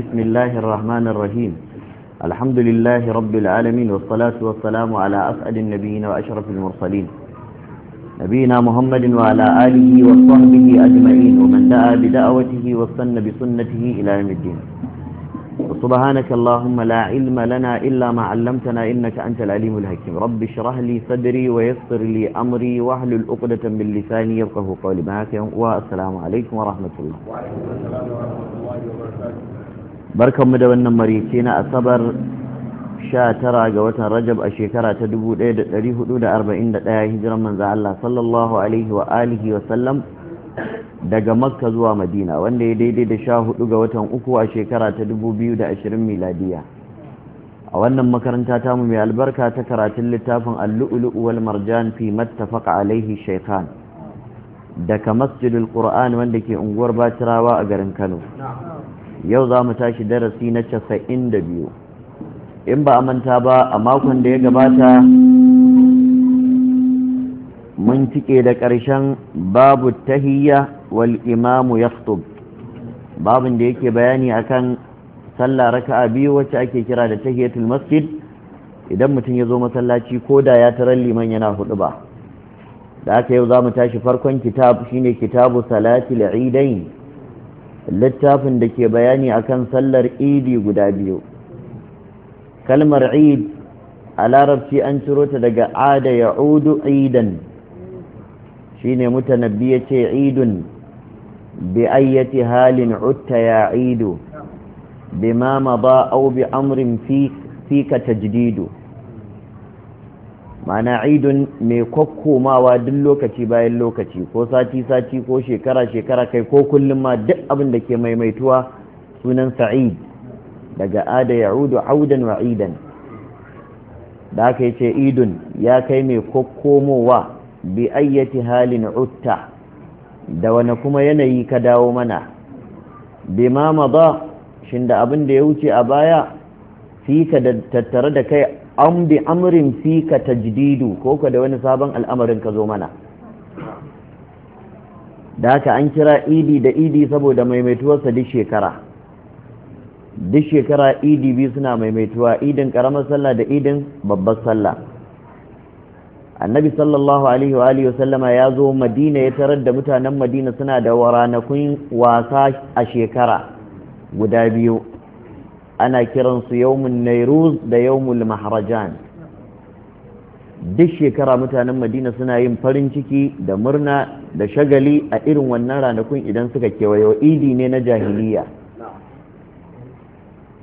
بسم الله الرحمن الرحيم الحمد لله رب العالمين والصلاة والسلام على أسعد النبيين وأشرف المرسلين نبينا محمد وعلى آله وصحبه أجمعين ومن دعا بدعوته وصن بسنته إلى يوم الدين سبحانك اللهم لا علم لنا إلا ما علمتنا إنك أنت العليم الحكيم رب اشرح لي صدري ويسر لي أمري واحلل الأقدة من لساني يفقه قولي معك والسلام عليكم ورحمة الله وعليكم السلام ورحمة الله وبركاته barkanmu da wannan marice na asabar 19 ga watan rajab a shekara ta 1441 hijiran manzan Allah sallallahu alaihi wa alihi wa sallam daga makka zuwa madina wanda ya daidai da 14 ga watan uku a shekara ta 2020 miladiya a wannan makaranta mu mai albarka ta karatun littafin al-lu'lu'u wal marjan fi mattafaqa alaihi shaykhan daga masjidul qur'an wanda ke unguwar batirawa a garin Kano yau za mu tashi darasi na casa'in da biyu in ba a manta ba a makon da ya gabata mun cike da ƙarshen babu tahiyya wal imamu ya babin da yake bayani a akan sallah raka'a biyu wacce ake kira da tahiyatul masjid idan mutum ya zo masallaci ko da ya tarar liman yana hudu ba da aka yau za mu tashi farkon kitab shine kitabu salatil idain littafin da ke bayani akan sallar idi guda biyu kalmar id a larabci an ciro ta daga ada ya udu idan shi ne mutanabbi ya ce idun bi ayyati halin utta ya idu bi ma ma ba au bi amrin fi ka tajdidu mana idun mai kwakkomawa duk lokaci bayan lokaci ko sati-sati ko shekara-shekara kai ko kullum ma duk abin da ke maimaituwa sunan sa'id daga ada ya rudu audan wa idan da aka ce idun ya kai mai kwakkomowa bi ayyati halin utta da wani kuma yanayi ka dawo mana bi ma shin da abin da ya wuce a baya fi ka tattare da kai an bi amrin fi ka tajdidu ko ka da wani sabon al'amarin ka zo mana da haka an kira idi da idi saboda maimaituwarsa duk shekara duk shekara idi biyu suna maimaituwa idin karamar sallah da idin babbar sallah annabi sallallahu alaihi wa alihi sallama ya zo madina ya tarar da mutanen madina suna da ranakun wasa a shekara guda biyu ana kiran su yawmin nairuz da yawmul maharajan duk shekara mutanen madina suna yin farin ciki da murna da shagali a irin wannan ranakun idan suka kewayo idi ne na jahiliya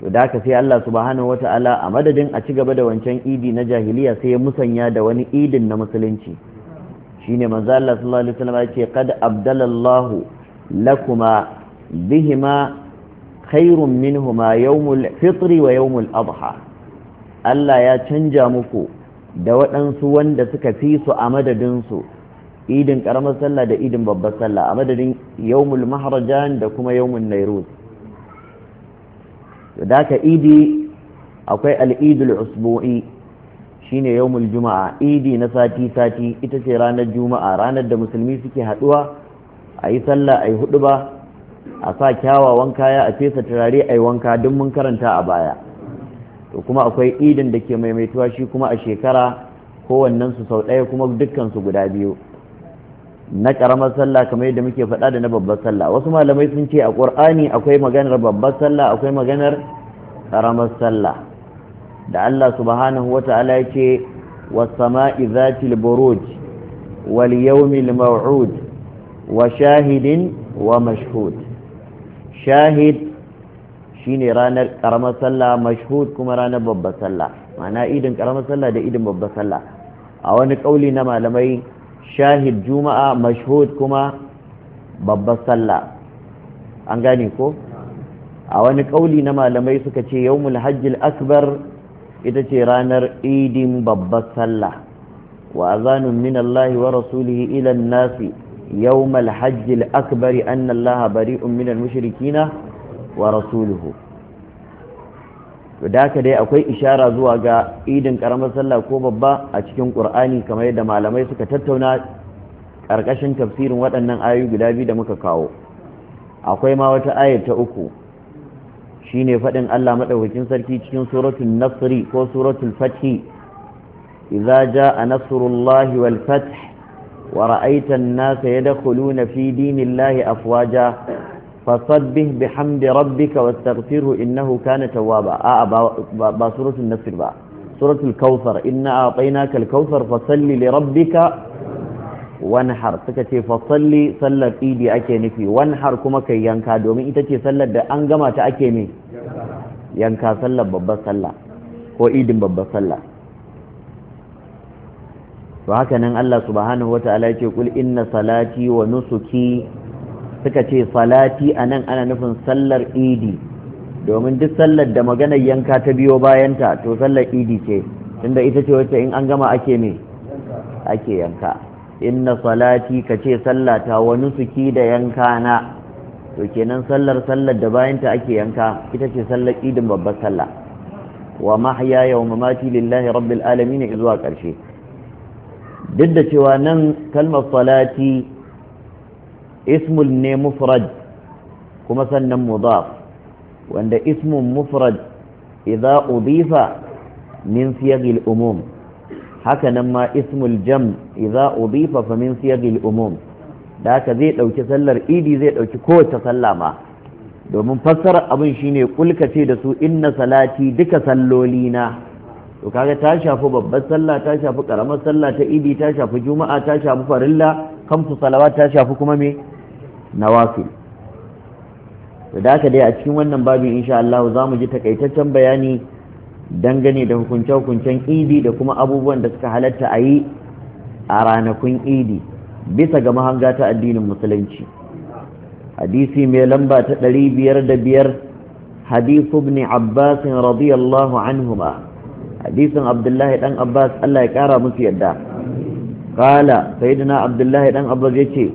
to da aka sai Allah subhanahu wata'ala a madadin a ci gaba da wancan idi na jahiliya sai ya musanya da wani idin na musulunci shine manzo Allah sallallahu alaihi wasallam ya ce qad abdalallahu lakuma bihima Kairun minhuma yawmul fitri wa yawmul adha Allah ya canja muku da waɗansu wanda suka fi su a madadin su idin ƙaramar sallah da idin babbar sallah a madadin yawmul maharajan da kuma yawmul nairuz da ka idi akwai al'idul usbu'i shine yawmul juma'a idi na sati sati ita ce ranar juma'a ranar da musulmi suke haɗuwa, ayi sallah a yi ba a sa kyawawan kaya a fesa turare a yi wanka duk mun karanta a baya to kuma akwai idin da ke maimaituwa shi kuma a shekara kowannen su sau ɗaya kuma dukkan su guda biyu na ƙaramar sallah kamar yadda muke faɗa da na babbar sallah wasu malamai sun ce a ƙur'ani akwai maganar babbar sallah akwai maganar ƙaramar sallah da Allah subhanahu wa ta'ala ya ce sama'i zatil buruj wal yawmil maw'ud wa shahidin wa mashhud shahid shine ranar karamar sallah mashhud kuma ranar babbar sallah ma'ana idin karamar sallah da idin babbar sallah a wani kauli na malamai shahid juma'a mashhud kuma babbar sallah an gane ko a wani kauli na malamai suka ce yawmul hajjil akbar ita ce ranar idin babbar sallah wa azanun min Allah wa rasulihi ila nasi يوم الحج الأكبر أن الله بريء من المشركين ورسوله da haka dai akwai ishara zuwa ga idin ƙaramar sallah ko babba a cikin ƙur'ani kamar da malamai suka tattauna ƙarƙashin tafsirin waɗannan ayoyi guda biyu da muka kawo akwai ma wata ayar ta uku shine faɗin Allah maɗaukakin sarki cikin suratul nasri ko suratul fathi idza jaa nasrullahi wal fath ورأيت الناس يدخلون في دين الله أفواجا فصبه بحمد ربك واستغفره إنه كان توابا آآ با, با سورة النصر با سورة الكوثر إنا أعطيناك الكوثر فصلي لربك wanhar suka ce fasalli sallar idi ake nufi wanhar kuma kai yanka domin ita ce sallar da an gamata ake ne yanka sallar ko idin babbar sallah to haka nan Allah subhanahu wata'ala ce kul inna salati wa nusuki suka ce salati anan ana nufin sallar idi domin duk sallar da maganar yanka ta biyo bayanta to sallar idi ce tunda ita ce wacce in an gama ake me ake yanka inna salati ka ce sallata wa nusuki da yanka na to kenan sallar sallar da bayanta ake yanka ita ce sallar idin babbar sallah wa mahya yawma mati lillahi rabbil alamin zuwa karshe duk da cewa nan kalmar salati ismul ne mufrad kuma sannan mudaf wanda ismun mufrad idza udifa min siyagil umum haka nan ma ismul jam idza udifa fa min siyagil umum da haka zai ɗauki sallar idi zai ɗauki kowace sallah ma domin fassarar abin shine ce da su inna salati duka sallolina to ta shafi babbar sallah ta shafi karamar sallah ta idi ta shafi juma'a ta shafi farilla kamsu salawat ta shafi kuma me nawafil to da haka dai a cikin wannan babin insha Allah za mu ji takaitaccen bayani dangane da hukunce-hukuncen idi da kuma abubuwan da suka halatta a yi a ranakun idi bisa ga mahanga ta addinin musulunci hadisi mai lamba ta ɗari biyar da biyar hadisu ibn abbasin radiyallahu anhuma hadisin abdullahi dan abbas allah ya kara musu yadda kala sayyidina abdullahi dan abbas ya ce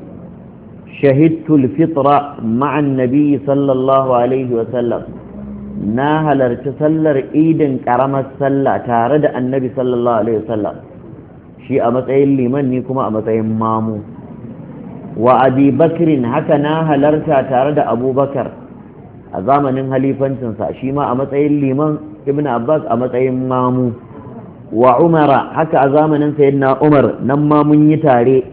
shahidtul fitra ma'an nabi sallallahu alaihi wasallam na halarci sallar idin karamar sallah tare da annabi sallallahu alaihi wasallam shi a matsayin liman ni kuma a matsayin mamu wa abi bakrin haka na halarta tare da abubakar a zamanin halifancinsa shi ma a matsayin liman ibn abbas a matsayin mamu wa umara haka a zamanin sayyidina umar nan ma mun yi tare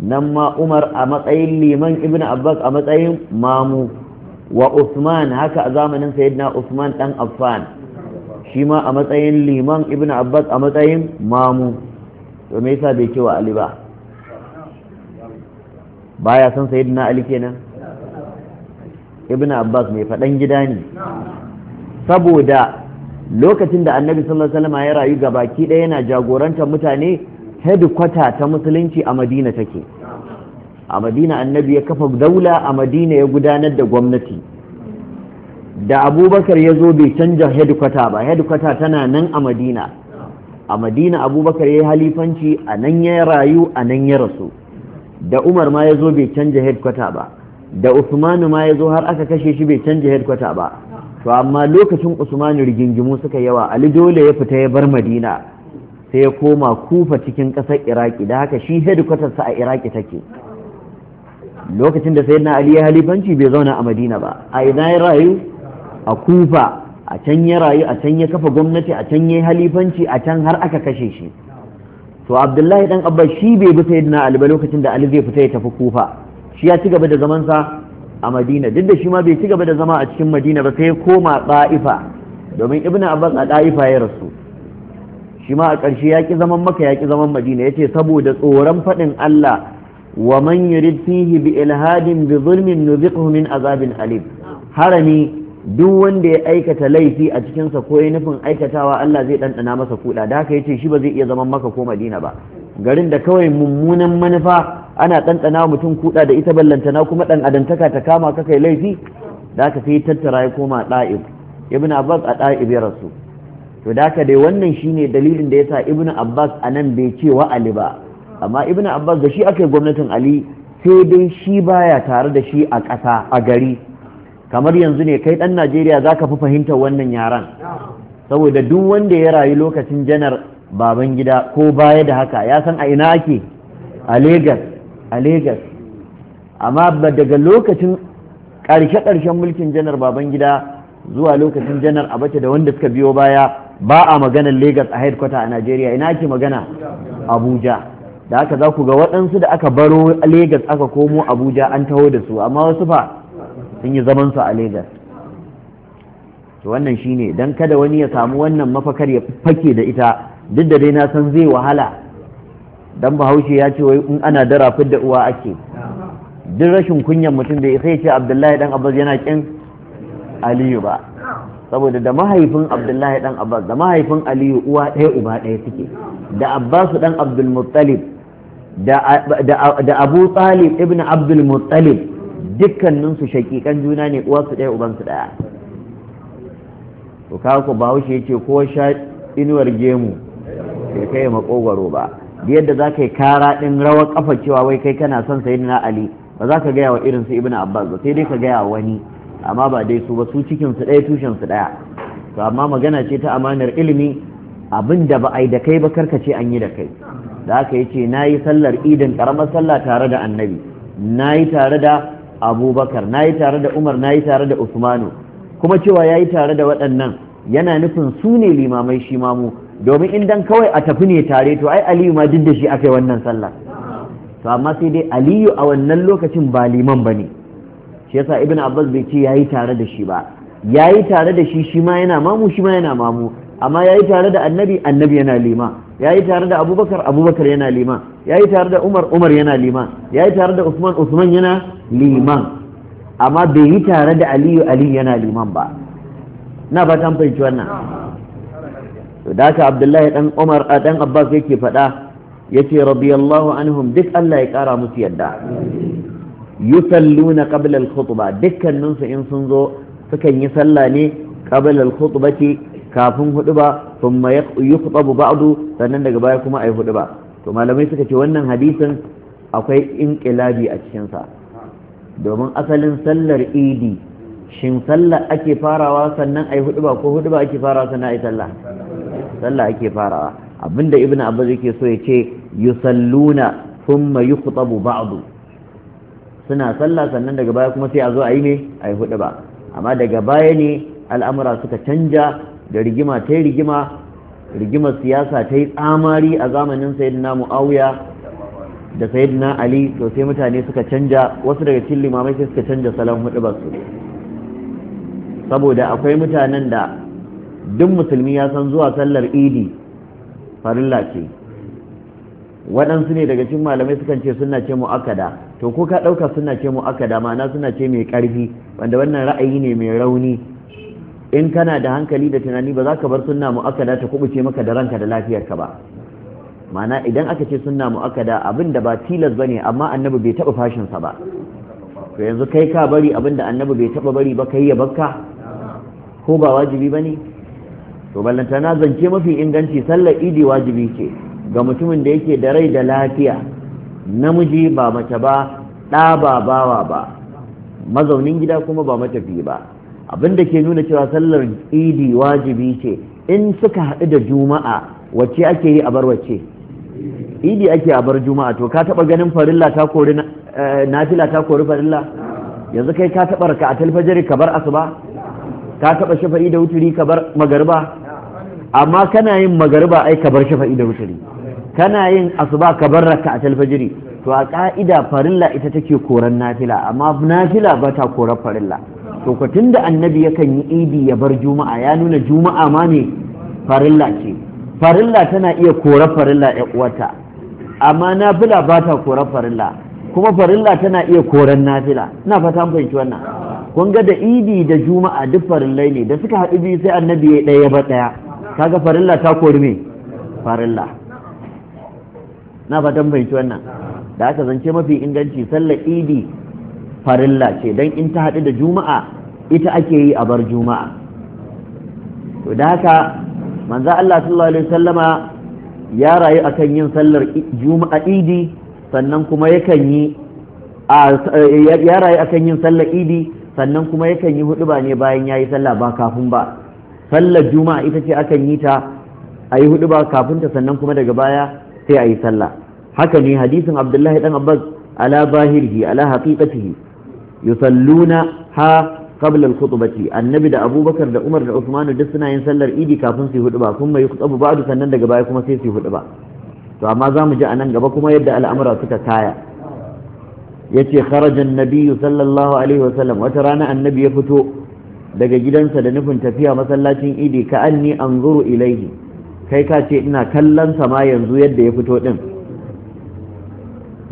nan ma umar a matsayin liman ibn abbas a matsayin mamu wa usman haka a zamanin sayyidina usman dan affan shi ma a matsayin liman ibn abbas a matsayin mamu to me yasa bai cewa ali ba baya san sayyidina ali kenan ibn abbas mai faɗan gida ne saboda lokacin da annabi sallallahu alaihi wasallam ya rayu ga baki ɗaya yana jagorantar mutane headquarter ta musulunci a madina take a madina annabi ya kafa daula a madina ya gudanar da gwamnati da abubakar ya zo bai canja headquarter ba headquarter tana nan a madina a madina abubakar ya yi halifanci a nan ya rayu a nan ya rasu da umar ma ya zo bai canja headquarter ba da usmanu ma ya zo har aka kashe shi bai canja headquarter ba to amma lokacin Usman rigingimu suka yawa ali dole ya fita ya bar madina sai ya koma kufa cikin ƙasar iraki da haka shi headquarters a iraki take lokacin da sayyidina ali ya halifanci bai zauna a madina ba a ina ya rayu a kufa a can ya rayu a can ya kafa gwamnati a can ya halifanci a can har aka kashe shi to abdullahi dan abba shi bai bi sayyidina ali ba lokacin da ali zai fita ya tafi kufa shi ya ci gaba da zamansa a madina duk da shi ma bai ci gaba da zama a cikin madina ba sai ya koma ɗa'ifa domin ibnu abbas a ɗa'ifa ya rasu shi ma a ƙarshe ya ƙi zaman maka ya ƙi zaman madina ya ce saboda tsoron faɗin allah wa man yurid fihi bi ilhadin bi zulmin nuziquhu min azabin alim harami duk wanda ya aikata laifi a cikinsa ko ya nufin aikatawa Allah zai ɗanɗana masa kuɗa da haka ya ce shi ba zai iya zaman maka ko madina ba garin da kawai mummunan manufa ana ɗanɗana mutum kuɗa da ita ballantana kuma ɗan adantaka ta kama ka kai laifi da aka sai tattara ya koma ɗa'ib ibn abbas a ɗa'ib ya rasu to da aka dai wannan shine dalilin da ya sa ibn abbas a nan bai ce wa ali ba amma ibn abbas da shi aka yi gwamnatin ali sai dai shi baya tare da shi a ƙasa a gari kamar yanzu ne kai ɗan najeriya za ka fi fahimtar wannan yaran saboda duk wanda ya rayu lokacin janar baban gida ko baya da haka ya san a ina ake a Legas. a Legas amma daga lokacin ƙarshe-ƙarshen mulkin janar Babangida zuwa lokacin janar bace da wanda suka biyo baya ba a maganar Legas a headquarter a Najeriya ina ake magana Abuja da aka za ku ga waɗansu da aka baro Legas aka komo Abuja an taho da su amma wasu fa sun yi zamansu a Legas to wannan shine dan kada wani ya samu wannan mafakar ya fake da ita duk da dai na san zai wahala dan bahaushe ya ce wai in ana dara da uwa ake duk rashin kunyan mutum da sai ce abdullahi dan abbas yana kin aliyu ba saboda da mahaifin abdullahi dan abbas da mahaifin aliyu uwa ɗaya uba ɗaya suke da abbasu dan muttalib da abu talib ibn abdul dukkanin dukkaninsu shakikan juna ne su ɗaya ubansu ɗaya to kawo ku bahaushe ya ce ko sha inuwar gemu sai kai makogwaro ba da yadda za ka yi kara ɗin rawar ƙafa cewa wai kai kana son sayi na ali ba za ka gaya wa irin su ibn abbas ba sai dai ka gaya wani amma ba dai su ba su cikin su ɗaya tushen su ɗaya to amma magana ce ta amanar ilimi abin da ba a yi da kai ba karka ce an yi da kai da aka yi ce na yi sallar idin ƙaramar sallah tare da annabi na yi tare da abubakar na yi tare da umar na yi tare da usmanu kuma cewa ya yi tare da waɗannan yana nufin su ne limamai shi mamu domin indan kawai a tafi ne tare to ai aliyu ma duk da shi aka yi wannan sallah to amma sai dai aliyu a wannan lokacin ba liman ba ne shi yasa ibn abbas bai ce yayi tare da shi ba yayi tare da shi shi ma yana mamu shi ma yana mamu amma yayi tare da annabi annabi yana lima yayi tare da abubakar abubakar yana lima yayi tare da umar umar yana lima yayi tare da usman usman yana liman amma bai yi tare da aliyu aliyu yana liman ba na ba fahimci wannan da ka abdullahi dan umar dan abbas yake faɗa yace radiyallahu anhum duk Allah ya kara musu yadda yusalluna qabla al-khutba dukkanin su in sun zo sukan yi sallah ne qabla al ce kafin huduba thumma yukhtabu ba'du sannan daga baya kuma ayi huduba to malamai suka ce wannan hadisin akwai inqilabi a cikin sa domin asalin sallar idi shin sallar ake farawa sannan ayi huduba ko huduba ake farawa sannan ayi sallah sallah ake farawa abinda ibn abbas yake so ya ce yusalluna thumma yukhtabu ba'du suna sallah sannan daga baya kuma sai a zo a yi ne a yi hudu ba amma daga baya ne al'amura suka canja da rigima ta rigima rigimar siyasa ta yi tsamari a zamanin sayyidina mu'awiya da sayyidina ali to sai mutane suka canja wasu daga cikin limamai sai suka canja salon hudu ba su saboda akwai mutanen da duk musulmi ya san zuwa sallar idi farilla ce waɗansu ne daga cikin malamai sukan ce suna ce mu'akada to ko ka ɗauka suna ce mu'akada ma'ana suna ce mai ƙarfi wanda wannan ra'ayi ne mai rauni in kana da hankali da tunani ba za ka bar suna mu'akada ta kubuce maka da ranka da lafiyarka ba ma'ana idan aka ce suna mu'akada abin da ba tilas ba ne, amma annabi bai taɓa fashinsa ba to yanzu kai ka bari abin da annabi bai taɓa bari ba kai ya bakka ko ba wajibi ba ne? to ballanta na zance mafi inganci sallar idi wajibi ce ga mutumin da yake da rai da lafiya namiji ba mace ba ɗa ba bawa ba mazaunin gida kuma ba matafi ba abin da ke nuna cewa sallar idi wajibi ce in suka haɗu da juma'a wacce ake yi a bar wacce idi ake a bar juma'a to ka taɓa ganin farilla ta kori eh, nafila ta kori farilla yanzu kai ka taɓa raka a ka bar asuba ka taɓa shafa'i da wuturi ka bar Magariba? amma kana yin magariba ai ka bar shafa'i da wuturi kana yin asuba ka bar raka a talfajiri to a ka'ida farilla ita take koran nafila amma nafila ba ta koran farilla to ko tunda annabi yakan yi idi ya bar juma'a ya nuna juma'a ma ne farilla ce farilla tana iya koran farilla ya uwata amma nafila ba ta koran farilla kuma farilla tana iya koran nafila ina fata mun fahimci wannan kun ga da idi da juma'a duk farillai ne da suka haɗu biyu sai annabi ya ɗaya ba ɗaya kaga farilla ta kori me farilla na fatan fahimci wannan da aka zance mafi inganci sallar idi farilla ce don in ta haɗu da juma'a ita ake yi a bar juma'a to da haka manzo Allah sallallahu alaihi wasallama ya rayu akan yin sallar juma'a idi sannan kuma yakan yi ya rayu akan yin sallar idi sannan kuma yakan yi hudu ba ne bayan ya yi sallah ba kafin ba sallar juma'a ita ce akan yi ta a yi hudu ba kafin ta sannan kuma daga baya sai a yi sallah haka ne hadisin abdullahi dan abbas ala bahirhi ala haqiqatihi yusalluna ha qabla al-khutbati annabi da abubakar da umar da usman duk suna yin sallar idi kafin su hudu ba kuma yi khutbu ba'du sannan daga baya kuma sai su hudu ba to amma za mu ji a nan gaba kuma yadda al'amura suka kaya yace kharaja an-nabiy sallallahu alaihi sallam wata rana annabi ya fito daga gidansa da nufin tafiya masallacin idi ka an anzuru ilaihi kai ka ce ina kallon sa ma yanzu yadda ya fito din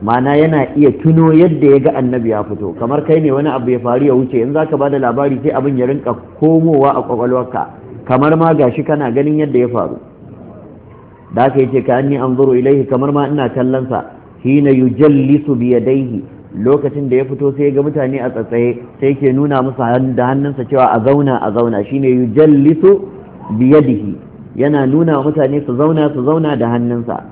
mana yana iya tuno yadda ya ga annabi ya fito kamar kai ne wani abu ya faru ya wuce in zaka bada labari sai abin ya rinka komowa a kwakwalwarka kamar ma gashi kana ganin yadda ya faru da yi yace ka an anzuru ilaihi kamar ma ina kallon sa hina yujallisu biyadaihi lokacin da ya fito sai ga mutane a tsatsaye sai ke nuna musu da hannunsa cewa a zauna a zauna shine yujallisu biyadihi yana nuna mutane su zauna su zauna da hannunsa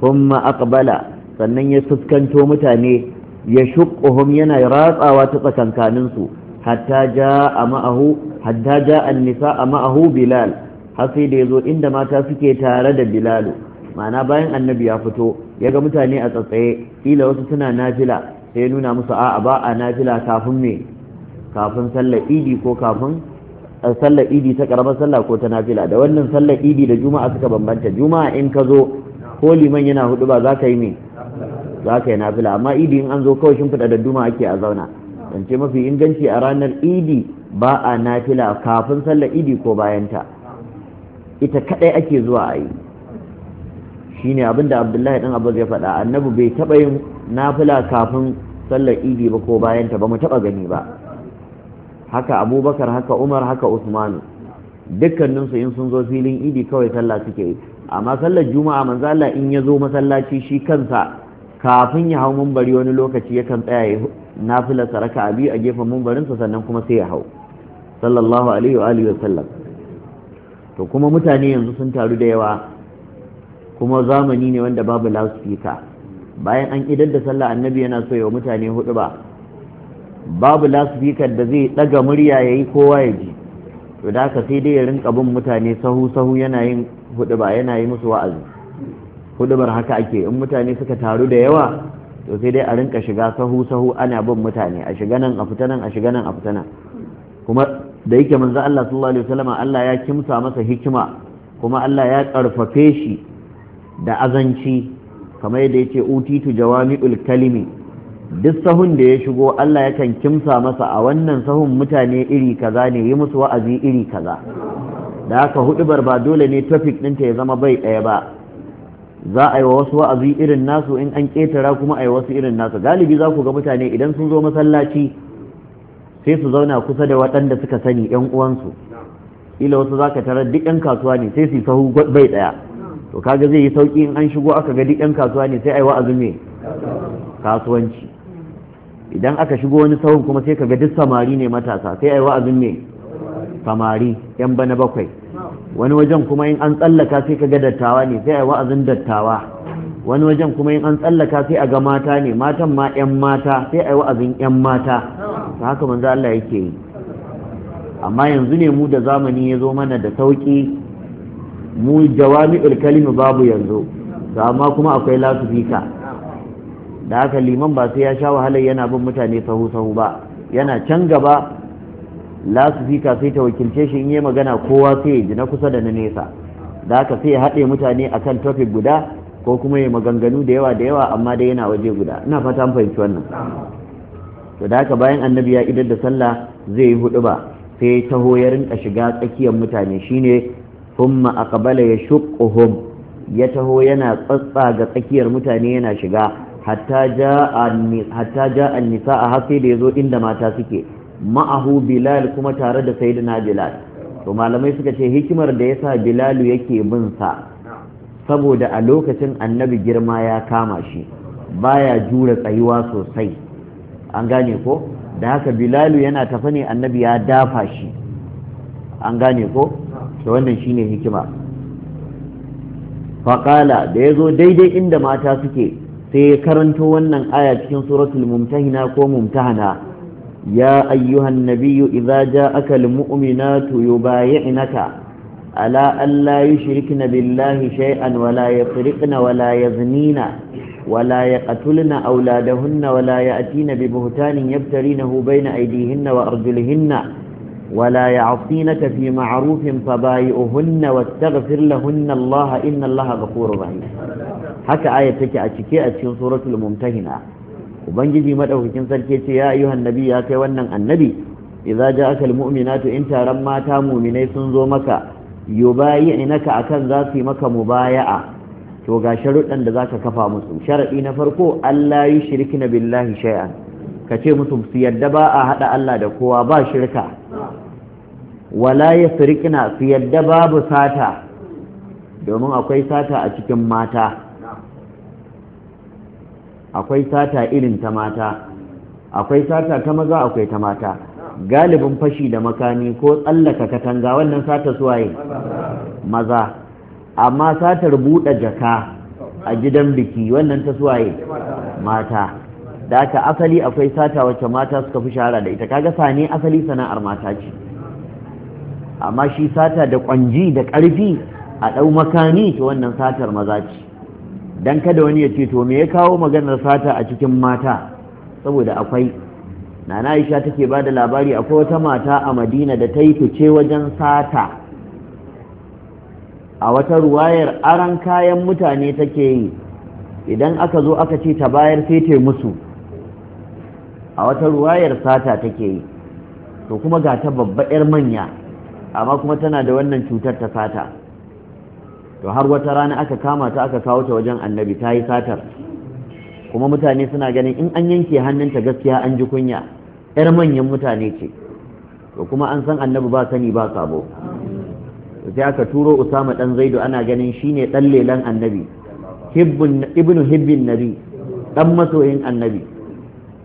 kuma aqbala sannan ya fuskanto mutane ya shuqquhum yana ratsawa ta tsakankanin su hatta jaa ma'ahu hatta jaa an ma'ahu bilal har sai da yazo inda mata suke tare da bilalu ma'ana bayan annabi ya fito ya ga mutane a tsatsaye kila wasu suna nafila sai nuna musu a'a ba a nafila kafin me kafin sallar idi ko kafin sallar idi ta karamar sallah ko ta nafila da wannan sallar idi da juma'a suka bambanta juma'a in ka zo ko liman yana hudu ba za ka yi me za ka yi nafila amma idi in an zo kawai shimfiɗa da duma ake a zauna ce mafi inganci a ranar idi ba a nafila kafin sallar idi ko bayan ta ita kadai ake zuwa a yi shine abinda abdullahi dan abu ya faɗa annabi bai taba yin nafila kafin sallar idi ba ko bayanta ta ba mu taba gani ba haka abubakar haka umar haka usmanu dukkanin su in sun zo filin idi kawai sallah suke yi amma sallar juma'a manzo Allah in ya zo masallaci shi kansa kafin ya hau mumbari wani lokaci yakan tsaya ya nafila saraka abi a gefen mumbarin sa sannan kuma sai ya hau sallallahu alaihi wa alihi wasallam to kuma mutane yanzu sun taru da yawa kuma zamani ne wanda babu loudspeaker bayan an idar da sallah annabi yana so ya mutane hudu ba babu lasfikar da zai daga murya ya yi kowa ya ji to da haka sai dai ya rinka bin mutane sahu sahu yana yin hudu ba yana yi musu wa'azi bar haka ake in mutane suka taru da yawa to sai dai a rinka shiga sahu sahu ana bin mutane a shiga nan a fita nan a shiga nan a fita nan kuma da yake manzo Allah sallallahu alaihi wasallam Allah ya kimsa masa hikima kuma Allah ya karfafe shi da azanci kamar yadda ya ce utitu jawami'ul kalimi duk sahun da ya shigo Allah yakan kimsa masa a wannan sahun mutane iri kaza ne yi musu wa'azi iri kaza da haka hudubar ba dole ne topic ɗinta ya zama bai ɗaya ba za a yi wa wasu wa'azi irin nasu in an ƙetara kuma a yi wasu irin nasu galibi za ku ga mutane idan sun zo masallaci sai su zauna kusa da waɗanda suka sani 'yan uwansu ila wasu za ka tarar duk 'yan kasuwa ne sai su sahu bai ɗaya to kaga zai yi sauki in an shigo aka ga duk yan kasuwa ne sai ai wa'azin me kasuwanci idan aka shigo wani sahun kuma sai kaga duk samari ne matasa sai ai wa'azin me samari yan bana bakwai wani wajen kuma in an tsallaka sai kaga dattawa ne sai ai wa'azin dattawa wani wajen kuma in an tsallaka sai a ga mata ne matan ma yan mata sai ai wa'azin yan mata haka manzo Allah yake yi amma yanzu ne mu da zamani ya zo mana da sauki mu jawami'ul kalimi babu yanzu amma kuma akwai lasufika da haka liman ba sai ya sha wahalar yana bin mutane sahu sahu ba yana can gaba lasufika sai ta wakilce shi in yi magana kowa sai ji na kusa da na nesa da haka sai ya haɗe mutane akan topic guda ko kuma ya maganganu da yawa da yawa amma dai yana waje guda ina fata an fahimci wannan to da haka bayan annabi ya idar da sallah zai yi hudu ba sai taho ya rinka shiga tsakiyar mutane shine thumma aqbala yashuquhum ya taho yana tsatsa ga tsakiyar mutane yana shiga hatta ja nisa a hafi da ya zo inda mata suke ma'ahu bilal kuma tare da sayyidina bilal to malamai suka ce hikimar da yasa bilalu yake bin sa saboda a lokacin annabi girma ya kama shi baya jure tsayuwa sosai an gane ko da haka bilalu yana tafa annabi ya dafa shi an gane ko to wannan shine hikima faƙala da ya zo daidai inda mata suke sai ya karanto wannan aya cikin suratul mumtahina ko mumtahana ya ayyuhan nabiyyu idza ja'aka almu'minatu yubayyi'naka ala an la yushrikna billahi shay'an wa la yasriqna wa la yaznina wa la yaqtulna awladahunna wa la ya'tina bi buhtanin yabtarinahu bayna aydihinna wa arjulihinna ولا يعصينك في معروف فبايئهن واستغفر لهن الله إن الله غفور رحيم haka aya take a cike a cikin suratul mumtahina ubangiji madaukakin sarki ce ya ayyuhan nabi ya kai wannan annabi idza ja'aka almu'minatu in taron mata mu'minai sun zo maka yubayi'naka akan za su yi maka mubaya'a to ga sharuɗan da zaka kafa musu sharadi na farko Allah yushrikna billahi shay'an kace musu su yadda ba a hada Allah da kowa ba shirka wala ya firikina su yadda babu sata domin akwai sata a cikin mata akwai sata irin ta mata akwai sata ta maza akwai ta mata galibin fashi da makami ko tsallaka katanga wannan sata suwaye maza amma satar buɗe jaka a gidan biki wannan ta suwaye mata da aka asali akwai sata wacce mata suka fi shahara da ita kaga sane asali sana'ar mata ce amma shi sata da kwanji da ƙarfi a ɗau makani ta wannan satar maza ce don kada wani ya ce to me ya kawo maganar sata a cikin mata saboda akwai nana aisha take ba da labari akwai wata mata a madina da ta yi fice wajen sata a wata ruwayar aran kayan mutane take yi idan aka zo aka ce ta bayar sai ta musu a wata ruwayar sata take yi to kuma ga ta babba 'yar manya amma kuma tana da wannan cutar ta sata to har wata rana aka kama ta aka kawo ta wajen annabi ta yi satar kuma mutane suna ganin in an yanke hannunta gaskiya an ji kunya yar manyan mutane ce to kuma an san annabi ba sani ba sabo sai aka turo usama dan zaidu ana ganin shine dan lelan annabi ibnu hibbin nabi dan masoyin annabi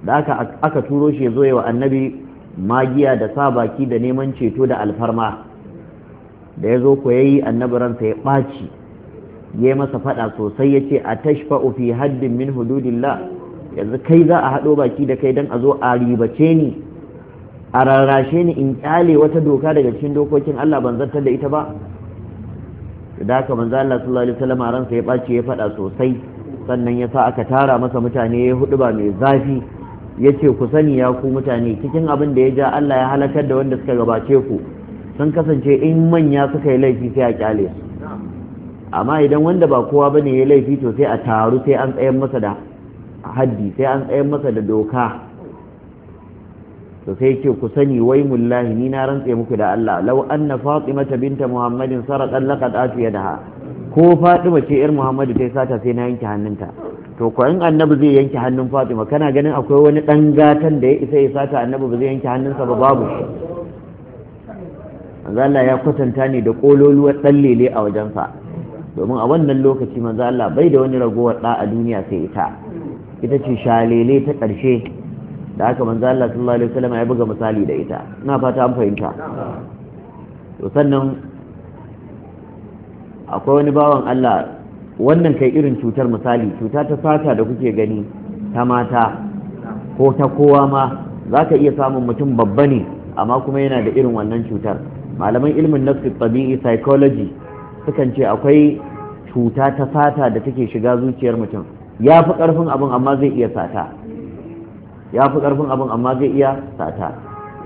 da aka aka turo shi ya zo wa annabi magiya da sa baki da neman ceto da alfarma da ya zo ko yayi annabi ransa ya ɓaci ya masa faɗa sosai ya ce a tashfa fi haddin min hududillah yanzu kai za a haɗo baki da kai don a zo a ribace ni a rarrashe ni in kyale wata doka daga cikin dokokin Allah ban zartar da ita ba da haka manzo Allah sallallahu alaihi wasallam ransa ya ɓaci ya faɗa sosai sannan ya sa aka tara masa mutane ya hudu ba mai zafi ya ce ku sani ya ku mutane cikin abin da ya ja Allah ya halakar da wanda suka gabace ku sun kasance in manya suka yi laifi sai a kyale amma idan wanda ba kowa bane ya laifi to sai a taru sai an tsayar masa da haddi sai an tsayar masa da doka to sai ce ku sani wai mullahi ni na rantse muku da Allah law anna fatimata binta muhammadin sarqan laqad atiyadaha ha ko fatima ce yar muhammadu ta sata sai na yanke hannunta to ko in annabi zai yanke hannun fatima kana ganin akwai wani dan gatan da ya isa ya sata annabi ba zai yanke hannunsa ba babu manzo Allah ya kwatanta ne da kololuwar dan lele a wajensa domin a wannan lokaci manzo Allah bai da wani ragowar da a duniya sai ita ita ce shalele ta karshe da haka manzo Allah sallallahu alaihi wasallam ya buga misali da ita ina fata an fahimta to sannan akwai wani bawan Allah wannan kai irin cutar misali cuta ta sata da kuke gani ta mata ko ta kowa ma za ka iya samun mutum babba ne amma kuma yana da irin wannan cutar malaman ilmin nafsi tabi'i psychology sukan ce akwai cuta ta sata da take shiga zuciyar mutum ya fi ƙarfin abin amma zai iya sata ya fi karfin abin amma zai iya sata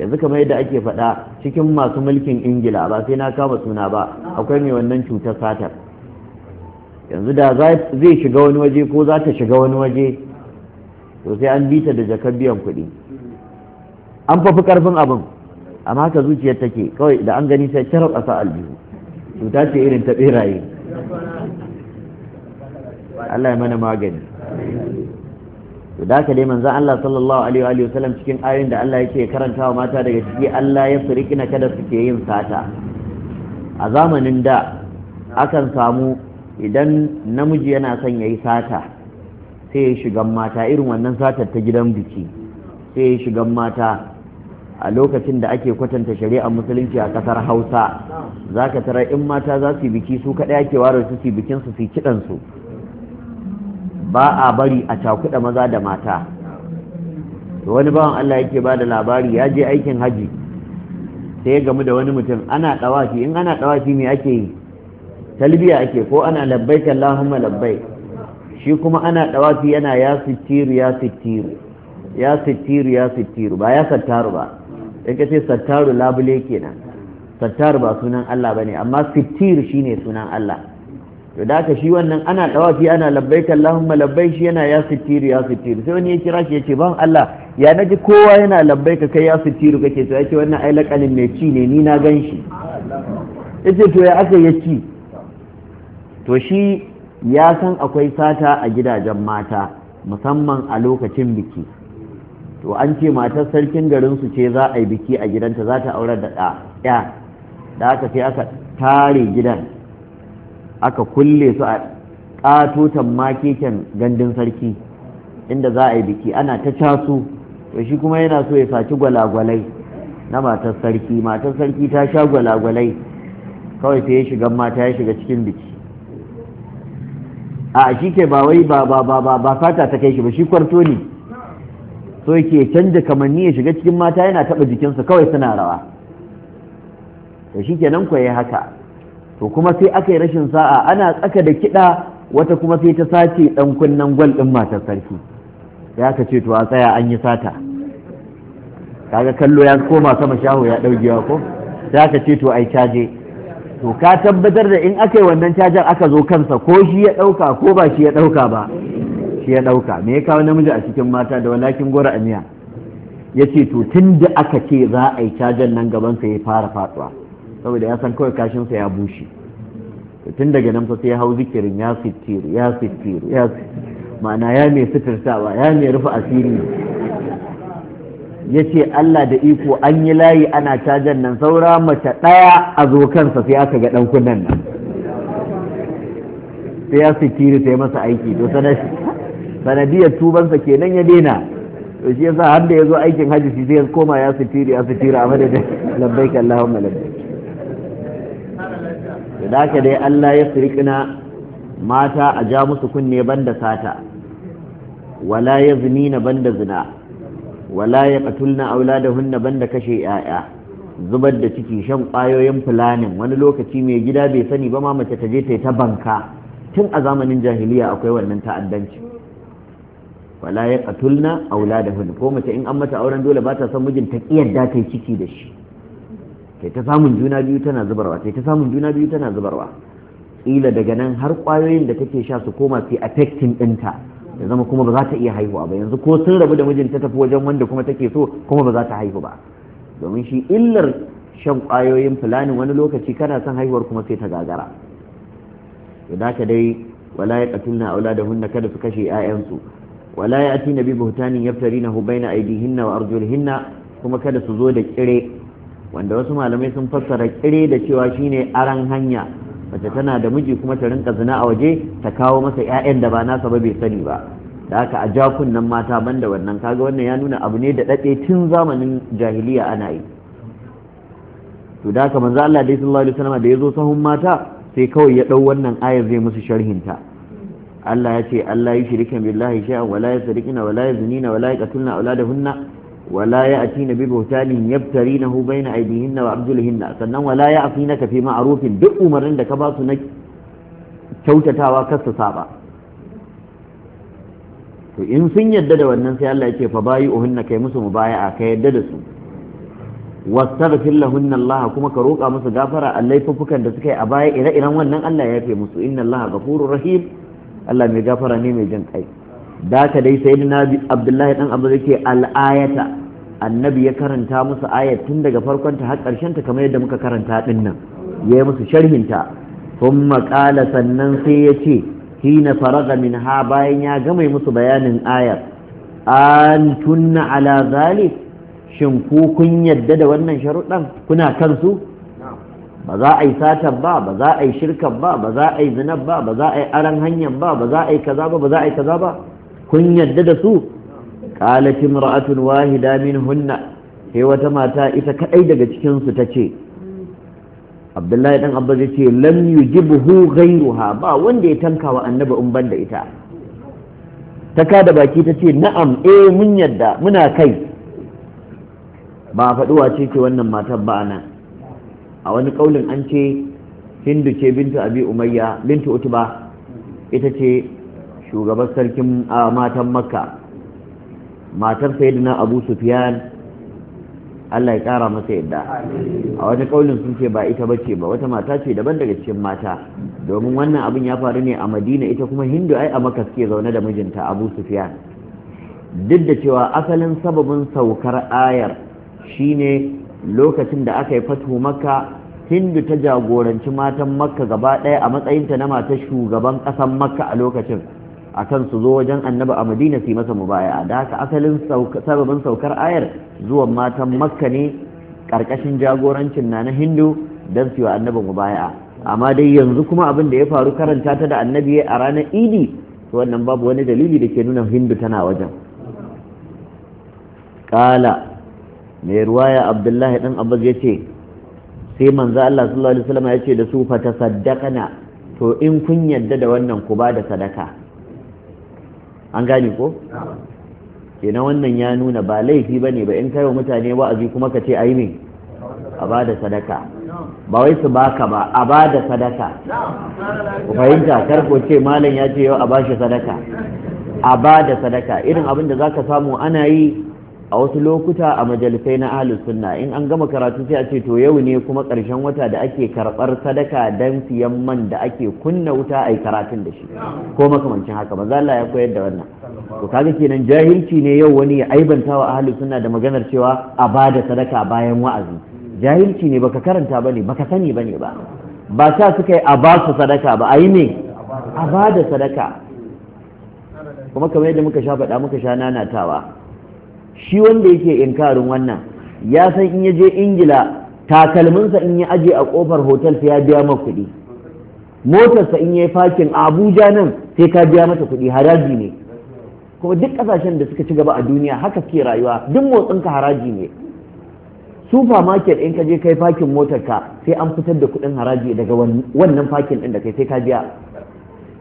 yanzu kamar yadda ake faɗa cikin masu mulkin ingila ba sai na kama suna ba akwai mai wannan cutar satar yanzu da zai shiga wani waje ko za ta shiga wani waje to sai an bita da jakar biyan kuɗi an fafi karfin abin amma haka zuciyar take kawai da an gani sai kirar ƙasa to cuta ce irin ta ɓeraye Allah ya mana magani to da haka dai manzo Allah sallallahu alaihi wa sallam cikin ayoyin da Allah yake karantawa mata daga ciki Allah ya firikina kada suke yin sata a zamanin da akan samu idan namiji yana son ya yi sata sai ya shigan mata irin wannan satar ta gidan biki sai ya shigan mata a lokacin da ake kwatanta shari'ar musulunci a kasar hausa za ka tara in mata za su yi biki su kaɗai ake ware su su yi bikin su su kiɗansu ba a bari a cakuɗa maza da mata wani bawan Allah yake ba da labari ya je aikin haji sai ya gamu da wani mutum ana ɗawafi in ana ɗawafi me ake yi talbiya ake ko ana labbaik Allahumma labbai shi kuma ana dawafi yana ya sittiru ya sittiru ya sittiru ya sittiru ba ya sattaru ba in ka ce sattaru labule kenan sattaru ba sunan Allah bane amma sittiru shine sunan Allah to da haka shi wannan ana dawafi ana labbaik Allahumma labbai shi yana ya sittiru ya sittiru sai wani ya kira shi ya ce ban Allah ya naji kowa yana labbaik kai ya sittiru kake to ya wannan ai lakanin mai ci ne ni na gan shi yace to ya aka ya ci to shi ya san akwai sata a gidajen mata musamman a lokacin biki to an ce matar sarkin garin su ce za a yi biki a gidanta za ta aurar da ɗa da aka sai aka tare gidan aka kulle su a ƙatotan makeken gandun sarki inda za a yi biki ana ta casu to shi kuma yana so ya saci gwalagwalai na matar sarki matar sarki ta sha gwalagwalai kawai sai ya shiga mata ya shiga cikin biki a shi ke ba wai ba ba ba fata ta kai shi ba shi kwarto ne so yake canja kamanni ya shiga cikin mata yana taba jikinsa kawai suna rawa to shi ke nan kwaye haka to kuma sai aka yi rashin sa'a ana tsaka da kiɗa wata kuma sai ta sace ɗan kunnen gwal ɗin matar sarki ya ka ce to a tsaya an yi sata kaga kallo ya koma sama shaho ya daukewa ko ya ka ce to ai caje to ka tabbatar da in aka yi wannan cajan aka zo kansa ko shi ya ɗauka ko ba shi ya ɗauka ba shi ya ɗauka me ya kawo namiji a cikin mata da walakin gora aniya ya ce to tun da aka ce za a yi cajan nan gaban sa ya fara fatsuwa saboda ya san kawai kashin sa ya bushe tun daga nan fa sai ya hau zikirin ya sitiru ya sitiru ya ma'ana ya mai suturtawa ya mai rufe asiri ya ce Allah da iko an yi layi ana cajan nan saura mace ɗaya a zo kansa sai aka ga ɗan kunnen nan sai ya sikiri sai masa aiki to sanadiyar tubansa kenan ya daina to shi yasa har da ya zo aikin hajji shi sai koma ya sikiri ya sikiri a madadin labbaik Allahumma labbaik da haka dai Allah ya sirikina mata a ja musu kunne banda sata wala ya zini na banda zina wala ya katulna auladahunna banda kashe 'ya'ya zubar da ciki shan ƙwayoyin fulanin wani lokaci mai gida bai sani ba ma mace ta je ta ta banka tun a zamanin jahiliya akwai wannan ta'addanci wala ya da auladahun ko mace in an mata auren dole ba ta son mijin ta kiyarda ta yi ciki da shi ta ta samun juna biyu tana zubarwa ta ta samun juna biyu tana zubarwa ila daga nan har kwayoyin da take sha su koma su affecting ɗinta ya zama kuma ba za ta iya haihuwa ba yanzu ko sun rabu da mijinta tafi wajen wanda kuma take so kuma ba za ta haihu ba domin shi illar shan kwayoyin fulanin wani lokaci kana son haihuwar kuma sai ta gagara da ka dai wala ya qatilna auladahunna kada su kashe 'ya'yansu wala ya ati nabi buhtanin yaftarinahu baina aydihinna wa arjulihinna kuma kada su zo da kire wanda wasu malamai sun fassara kire da cewa shine aran hanya mace tana da miji kuma ta rinka zina a waje ta kawo masa 'ya'yan da ba nasa ba bai sani ba da haka a ja nan mata banda wannan kaga wannan ya nuna abu ne da daɗe tun zamanin jahiliya ana yi to da haka manzo Allah dai sallallahu alaihi wasallam da yazo sahun mata sai kawai ya dau wannan ayar zai musu sharhin ta Allah ya ce Allah yi shirikan billahi shay'an wala yusrikina wala yuzinina wala yaqtulna auladahunna ولا يأتين ببهتان يبترينه بين أيديهن وأرجلهن سنن ولا يعصينك في معروف duk umarnin da ka ba su na kyautatawa kar su to in sun yadda da wannan sai Allah yake fa bayi uhunna kai musu mubaya'a ka yadda da su wastaghfir lahunna Allah kuma ka roka musu gafara allai fuffukan da suka yi a baya ire-iren wannan Allah ya yafe musu inna laha ghafurur rahim Allah mai gafara ne mai jin da dai sai na abdullahi dan abu yake al'ayata annabi ya karanta musu ayat tun daga farkonta har ta kamar yadda muka karanta din nan ya yi musu sharhinta sun maƙala sannan sai ya ce hina faraga min ha bayan ya gama musu bayanin ayar an tunna ala zalik shin ku kun yadda da wannan sharuɗan kuna kansu ba za a yi satar ba ba za a yi shirkan ba ba za a yi zinar ba ba za a yi aran hanyar ba ba za a yi kaza ba ba za a yi kaza ba kun yadda da su qalat imra'atun wahida minhunna sai wata mata ita kadai daga cikin su tace Abdullahi dan Abba zai ce lam yujibuhu ghayruha ba wanda ya tankawa annabi in banda ita ta da baki ta ce na'am eh mun yadda muna kai ba a faɗuwa ce ce wannan matar ba nan a wani kaulin an ce hindu ce bintu abi umayya bintu utuba ita ce shugaban sarkin matan makka matar sayyidina abu sufyan Allah ya kara masa yadda a wata kaulin sun ce ba ita bace ba wata mata ce daban daga cikin mata domin wannan abin ya faru ne a madina ita kuma hindu ai a maka suke zaune da mijinta abu sufyan duk da cewa asalin sababin saukar ayar shine lokacin da aka yi fatu makka hindu ta jagoranci matan makka gaba ɗaya a matsayinta na matar shugaban ƙasan makka a lokacin a kan su zo wajen annaba a madina su yi masa mubaya'a da haka asalin sababin saukar ayar zuwan matan makka ne karkashin jagorancin na na hindu don su yi wa annabi mubaya'a amma dai yanzu kuma abin da ya faru karanta ta da annabi a ranar idi to wannan babu wani dalili da ke nuna hindu tana wajen kala mai ruwaya abdullahi dan abbas ya ce sai manza Allah sallallahu alaihi wasallam ya ce da su fa sadakana to in kun yadda da wannan ku ba da sadaka an gane ko kenan wannan ya nuna ba laifi ba ne ba in kai wa mutane wa'azi kuma ka ce ayi a ba da sadaka ba wai su baka ba a ba da sadaka ku fahimta kar ko ce malam ya ce yau a bashi sadaka a ba da sadaka irin abin da za ka samu ana yi a wasu lokuta a majalisai na ahli sunna in an gama karatu sai a ce to yau ne kuma ƙarshen wata da ake karɓar sadaka dan siyan man da ake kunna wuta a yi karatun da shi ko makamancin haka ba, Allah ya koyar da wannan to kaga kenan jahilci ne yau wani ya aibanta wa ahli sunna da maganar cewa a ba da sadaka bayan wa'azi jahilci ne baka karanta bane baka sani bane ba ba sa suka yi a ba su sadaka ba a yi ne a ba da sadaka kuma kamar yadda muka sha faɗa muka sha nanatawa shi wanda yake inkarin wannan ya san in yaje ingila takalminsa in ya aje a kofar hotel sai ya biya ma kuɗi motarsa in ya yi fakin abuja nan sai ka biya mata kuɗi haraji ne kuma duk ƙasashen da suka ci gaba a duniya haka suke rayuwa duk motsinka haraji ne market in ka je kai fakin motarka sai an fitar da kuɗin haraji daga wannan fakin ɗin da kai sai ka biya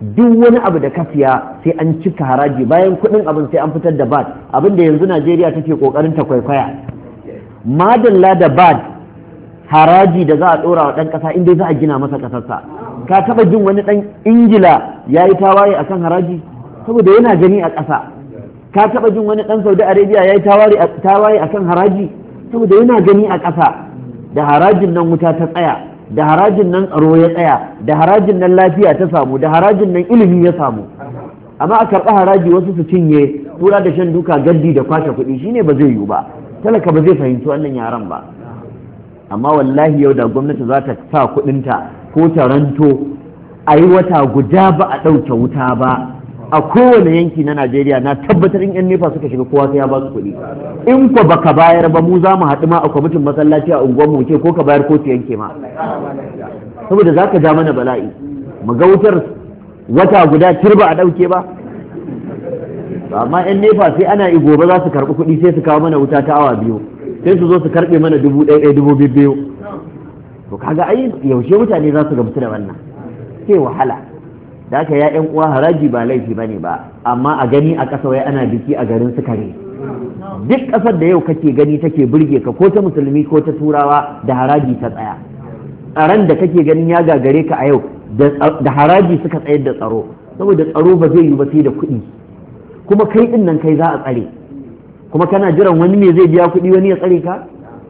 duk wani abu da ka siya sai an cika haraji bayan kuɗin abin sai an fitar da bad abin da yanzu najeriya take kokarin ta kwaikwaya madalla da bad haraji da za a ɗora wa ɗan ƙasa inda za a gina masa ƙasarsa ka taɓa jin wani ɗan ingila ya yi tawaye akan haraji saboda yana gani a ƙasa ka taɓa jin wani ɗan saudi arabia ya yi tawaye akan haraji saboda yana gani a ƙasa da harajin nan wuta ta tsaya da harajin nan tsaro ya tsaya da harajin nan lafiya ta samu da harajin nan ilimi ya samu amma a karɓi haraji wasu su cinye tura da shan duka gaddi da kwashe kuɗi shine ba zai yiwu ba talaka ba zai fahimci wannan yaran ba amma wallahi yau da gwamnati za ta sa kuɗinta ko taranto a yi wata guda ba a ɗauke wuta ba a kowane yanki na najeriya na tabbatar in yan nefa suka shiga kowa sai ya ba su kuɗi in ko baka bayar ba mu za mu haɗu ma a kwamitin masallaci a unguwar mu ko ka bayar ko su yanke ma saboda za ka ja mana bala'i mu ga wutar wata guda turba a ɗauke ba amma yan nefa sai ana yi gobe za su karɓi kuɗi sai su kawo mana wuta ta awa biyu sai su zo su karɓe mana dubu ɗaya ɗaya dubu biyu to kaga ai yaushe mutane za su gamsu da wannan sai wahala da aka ya yan uwa haraji ba laifi bane ba amma a gani a ƙasa wai ana biki a garin sukari duk ƙasar da yau kake gani take burge ka ko ta musulmi ko ta turawa da haraji ta tsaya tsaron da kake ganin ya gagare ka a yau da haraji suka tsayar da tsaro saboda tsaro ba zai yi ba sai da kuɗi kuma kai ɗin nan kai za a tsare kuma kana jiran wani ne zai biya kuɗi wani ya tsare ka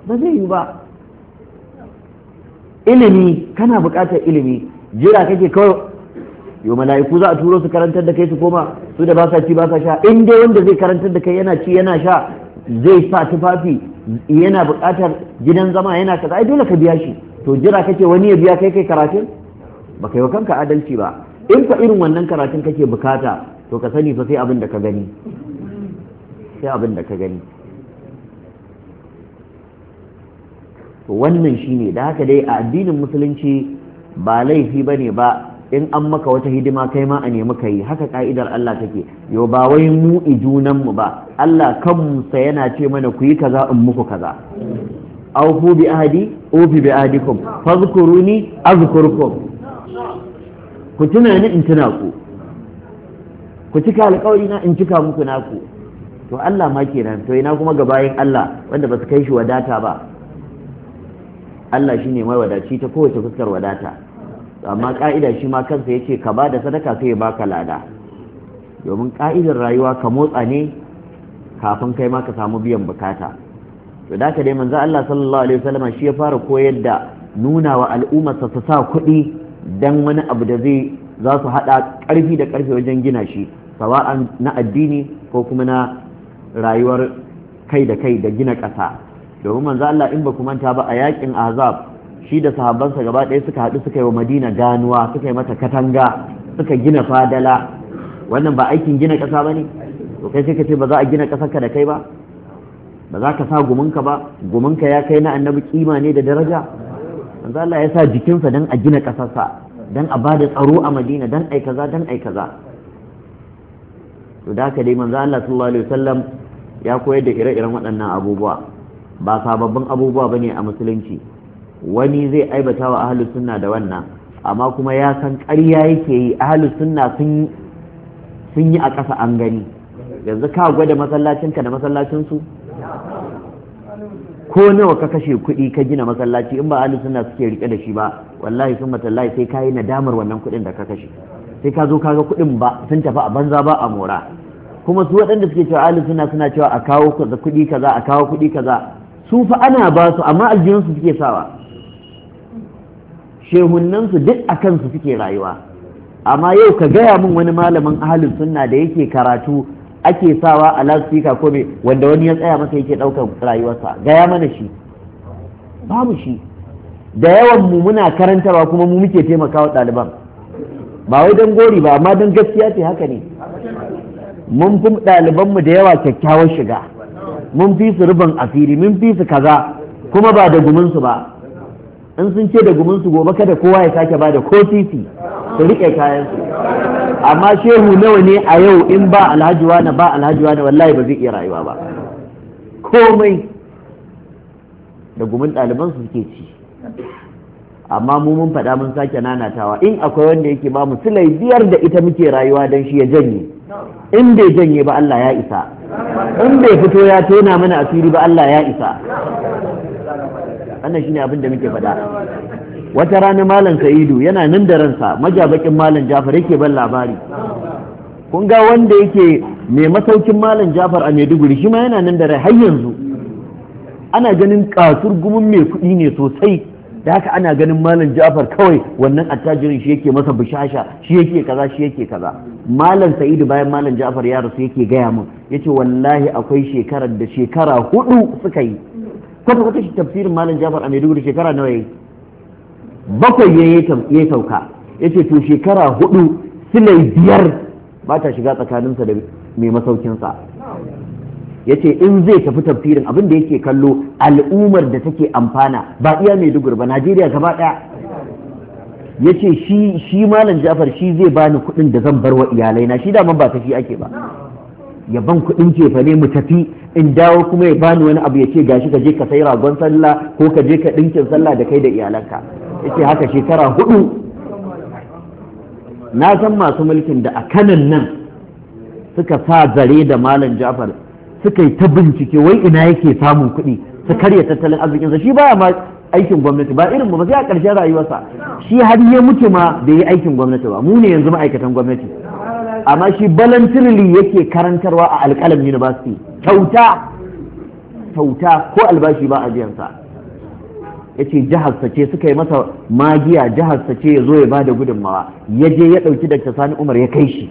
ba zai yi ba ilimi kana buƙatar ilimi jira kake kawai yo mala'iku za a turo su karantar da kai su koma su da ba sa ci ba sa sha in dai wanda zai karantar da kai yana ci yana sha zai sa tufafi yana buƙatar gidan zama yana kaza ai dole ka biya shi to jira kake wani ya biya kai kai karatun ba kai wa kanka adalci ba in fa irin wannan karatun kake bukata to ka sani fa sai abin da ka gani sai abin da ka gani wannan shine da haka dai a addinin musulunci ba laifi bane ba in an maka wata hidima kai ma a nemi ka yi haka ka'idar Allah take yo ba wai mu ijunan mu ba Allah kansa yana ce mana ku yi kaza in muku kaza awfu bi ahdi u bi ahdikum fadhkuruni azkurkum ku tuna ni in tuna ku ku cika alƙawari na in cika muku naku to Allah ma kenan to ina kuma ga bayin Allah wanda ba su kai shi wadata ba Allah shine mai wadaci ta kowace fuskar wadata amma ka'ida shi ma kansa yace ka ba da sadaka sai ya baka lada domin ka'idar rayuwa ka motsa ne kafin kai ma ka samu biyan bukata to da ka dai manzo Allah sallallahu alaihi wasallam shi ya fara koyar da nuna wa al'umma su sa kuɗi dan wani abu da zai za su haɗa ƙarfi da ƙarfi wajen gina shi sawa'an na addini ko kuma na rayuwar kai da kai da gina ƙasa domin manzo Allah in ba ku manta ba a yakin azab shi da sahabbansa gaba ɗaya suka haɗu suka yi wa madina ganuwa suka yi mata katanga suka gina fadala wannan ba aikin gina ƙasa ba ne to kai sai ka ce ba za a gina ƙasarka da kai ba ba za ka sa gumunka ba gumunka ya kai na annabi kima ne da daraja manzo Allah ya sa jikinsa dan a gina ƙasarsa dan a bada tsaro a madina dan ai kaza dan ai kaza to da ka dai manzo Allah sallallahu alaihi wasallam ya koyar da ire-iren waɗannan abubuwa ba sababbin abubuwa bane a musulunci wani zai aibata wa ahalus sunna da wannan amma kuma ya san ƙarya yake yi ahalus sunna sun yi a ƙasa an gani yanzu ka gwada masallacinka da masallacinsu ko nawa ka kashe kuɗi ka gina masallaci in ba ahalus sunna suke rike da shi ba wallahi sun matallahi sai ka yi nadamar wannan kuɗin da ka kashe sai ka zo ka ga kuɗin ba sun tafi a banza ba a mora kuma su waɗanda suke cewa ahalus sunna suna cewa a kawo kuɗi kaza a kawo kuɗi kaza su fa ana ba su amma aljihunsu suke sawa shehunnansu duk a kansu suke rayuwa amma yau ka gaya min wani malamin ahalin sunna da yake karatu ake sawa a lasfika ko me wanda wani ya tsaya masa yake ɗaukar rayuwarsa gaya mana shi babu shi da yawan mu muna karantarwa kuma mu muke taimakawa ɗaliban ba wai don gori ba amma don gaskiya ce haka ne mun fi ɗalibanmu da yawa kyakkyawar shiga mun fi su rubin asiri mun fi su kaza kuma ba da guminsu ba in sun ce da gumin su gobe kada kowa ya sake ba da ko su rike kayan su amma shehu nawa ne a yau in ba alhaji wani ba alhaji wani wallahi ba zai iya rayuwa ba komai da gumin ɗaliban su suke ci amma mu mun faɗa mun sake nanatawa in akwai wanda yake ba mu silai biyar da ita muke rayuwa don shi ya janye in bai janye ba Allah ya isa in bai fito ya tona mana asiri ba Allah ya isa wannan shine abin da muke faɗa wata rana malam sa'idu yana nan da ransa majabakin malam jafar yake ban labari kun ga wanda yake mai masaukin malam jafar a maiduguri shi ma yana nan da rai har yanzu ana ganin kasur gumin mai kuɗi ne sosai da haka ana ganin malam jafar kawai wannan attajirin shi yake masa bishasha shi yake kaza shi yake kaza malam sa'idu bayan malam jafar ya rasu yake gaya min yace wallahi akwai shekarar da shekara hudu suka yi kwata kwata shi tafsirin malam jafar a maiduguri shekara nawa yayi bakwai ya ya sauka Ya ce to shekara hudu silai biyar ba ta shiga tsakaninsa da mai masaukinsa Ya ce in zai tafi tafsirin abin da yake kallo al'ummar da take amfana ba iya maiduguri ba najeriya gaba daya ya ce shi malam jafar shi zai bani kuɗin da zan bar wa iyalai na shi daman ba ta shi ake ba ya ban kuɗin cefa ne mu tafi in dawo kuma ya bani wani abu ya ce gashi ka je ka sai ragon sallah ko ka je ka ɗinkin sallah da kai da iyalanka yace haka shekara hudu na san masu mulkin da a kanan nan suka sa zare da malam jafar suka yi ta bincike wai ina yake samun kuɗi su karya tattalin arzikinsa shi baya ma aikin gwamnati ba irin ba sai a ƙarshen rayuwarsa shi har ya mutu ma bai yi aikin gwamnati ba mu ne yanzu ma'aikatan gwamnati amma shi voluntarily yake karantarwa a alƙalam university kyauta kyauta ko albashi ba a biyansa ya ce jiharsa ce suka yi masa magiya jiharsa ce ya zo ya bada gudunmawa ya je ya ɗauki daga sani umar ya kai shi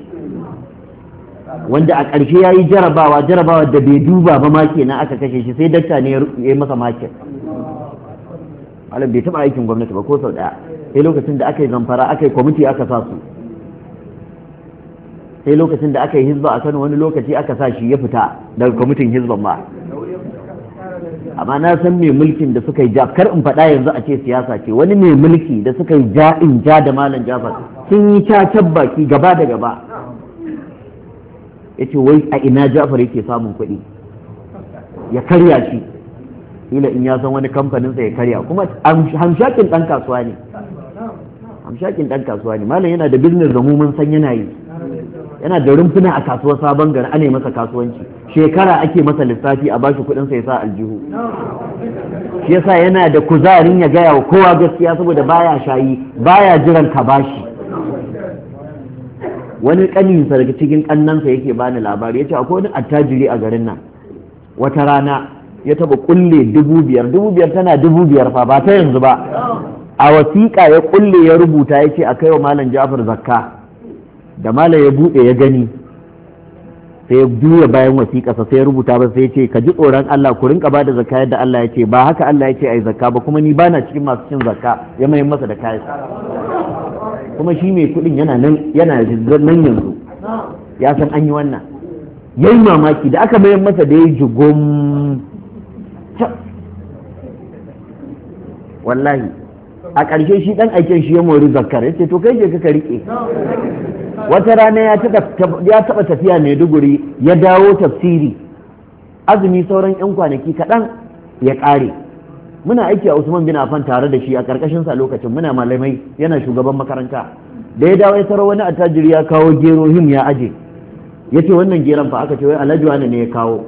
wanda a ƙarshe ya yi jarabawa jarabawa da bai duba ba maki na aka kashe shi sai dakta ne ya yi masa maki malam bai taɓa aikin gwamnati ba ko sau ɗaya sai lokacin da aka yi zamfara aka yi kwamiti aka sa su sai lokacin da aka yi hizba a kan wani lokaci aka sa shi ya fita daga kwamitin hizban ma amma na san mai mulkin da suka yi ja kar in faɗa yanzu a ce siyasa ce wani mai mulki da suka yi ja in ja da malam jafar sun yi cacan baki gaba da gaba ya ce wai a ina jafar yake samun kuɗi ya karya shi ila in ya san wani kamfaninsa ya karya kuma hamshakin ɗan kasuwa ne hamshakin ɗan kasuwa ne malam yana da biznes da mu mun san yana yi yana da rumfuna a kasuwar sabon gari ana masa kasuwanci shekara ake masa lissafi a bashi kuɗin sai sa aljihu shi yasa yana da kuzarin ya gaya wa kowa gaskiya saboda baya shayi baya jiran ka bashi wani kaninsa daga cikin kannansa yake bani labari yace akwai wani attajiri a garin nan wata rana ya taba kulle dubu biyar dubu biyar tana dubu biyar fa ba ta yanzu ba a wasiƙa ya kulle ya rubuta yace a kai wa malam Ja'far zakka da malam ya buɗe ya gani sai juya bayan wasiƙasa sai rubuta ba sai ce ka ji tsoron Allah ku rinka ba da zakka yadda Allah ya ce ba haka Allah ya ce ai zakka ba kuma ni bana cikin masu cin zakka ya mai masa da kayan kuma shi mai kuɗin yana nan yana nan yanzu ya san an yi wannan yayi mamaki da aka bayan masa da ya jigom wallahi a ƙarshe shi ɗan aiken shi ya mori zakkar ya ce to kai je ka riƙe wata rana ya taɓa tafiya maiduguri ya dawo tafsiri azumi sauran 'yan kwanaki kaɗan ya ƙare muna aiki a usman bin afan tare da shi a ƙarƙashin sa lokacin muna malamai yana shugaban makaranta da ya dawo ya taro wani attajiri ya kawo gero him ya aje ya ce wannan geron fa aka ce wai alhaji wani ne ya kawo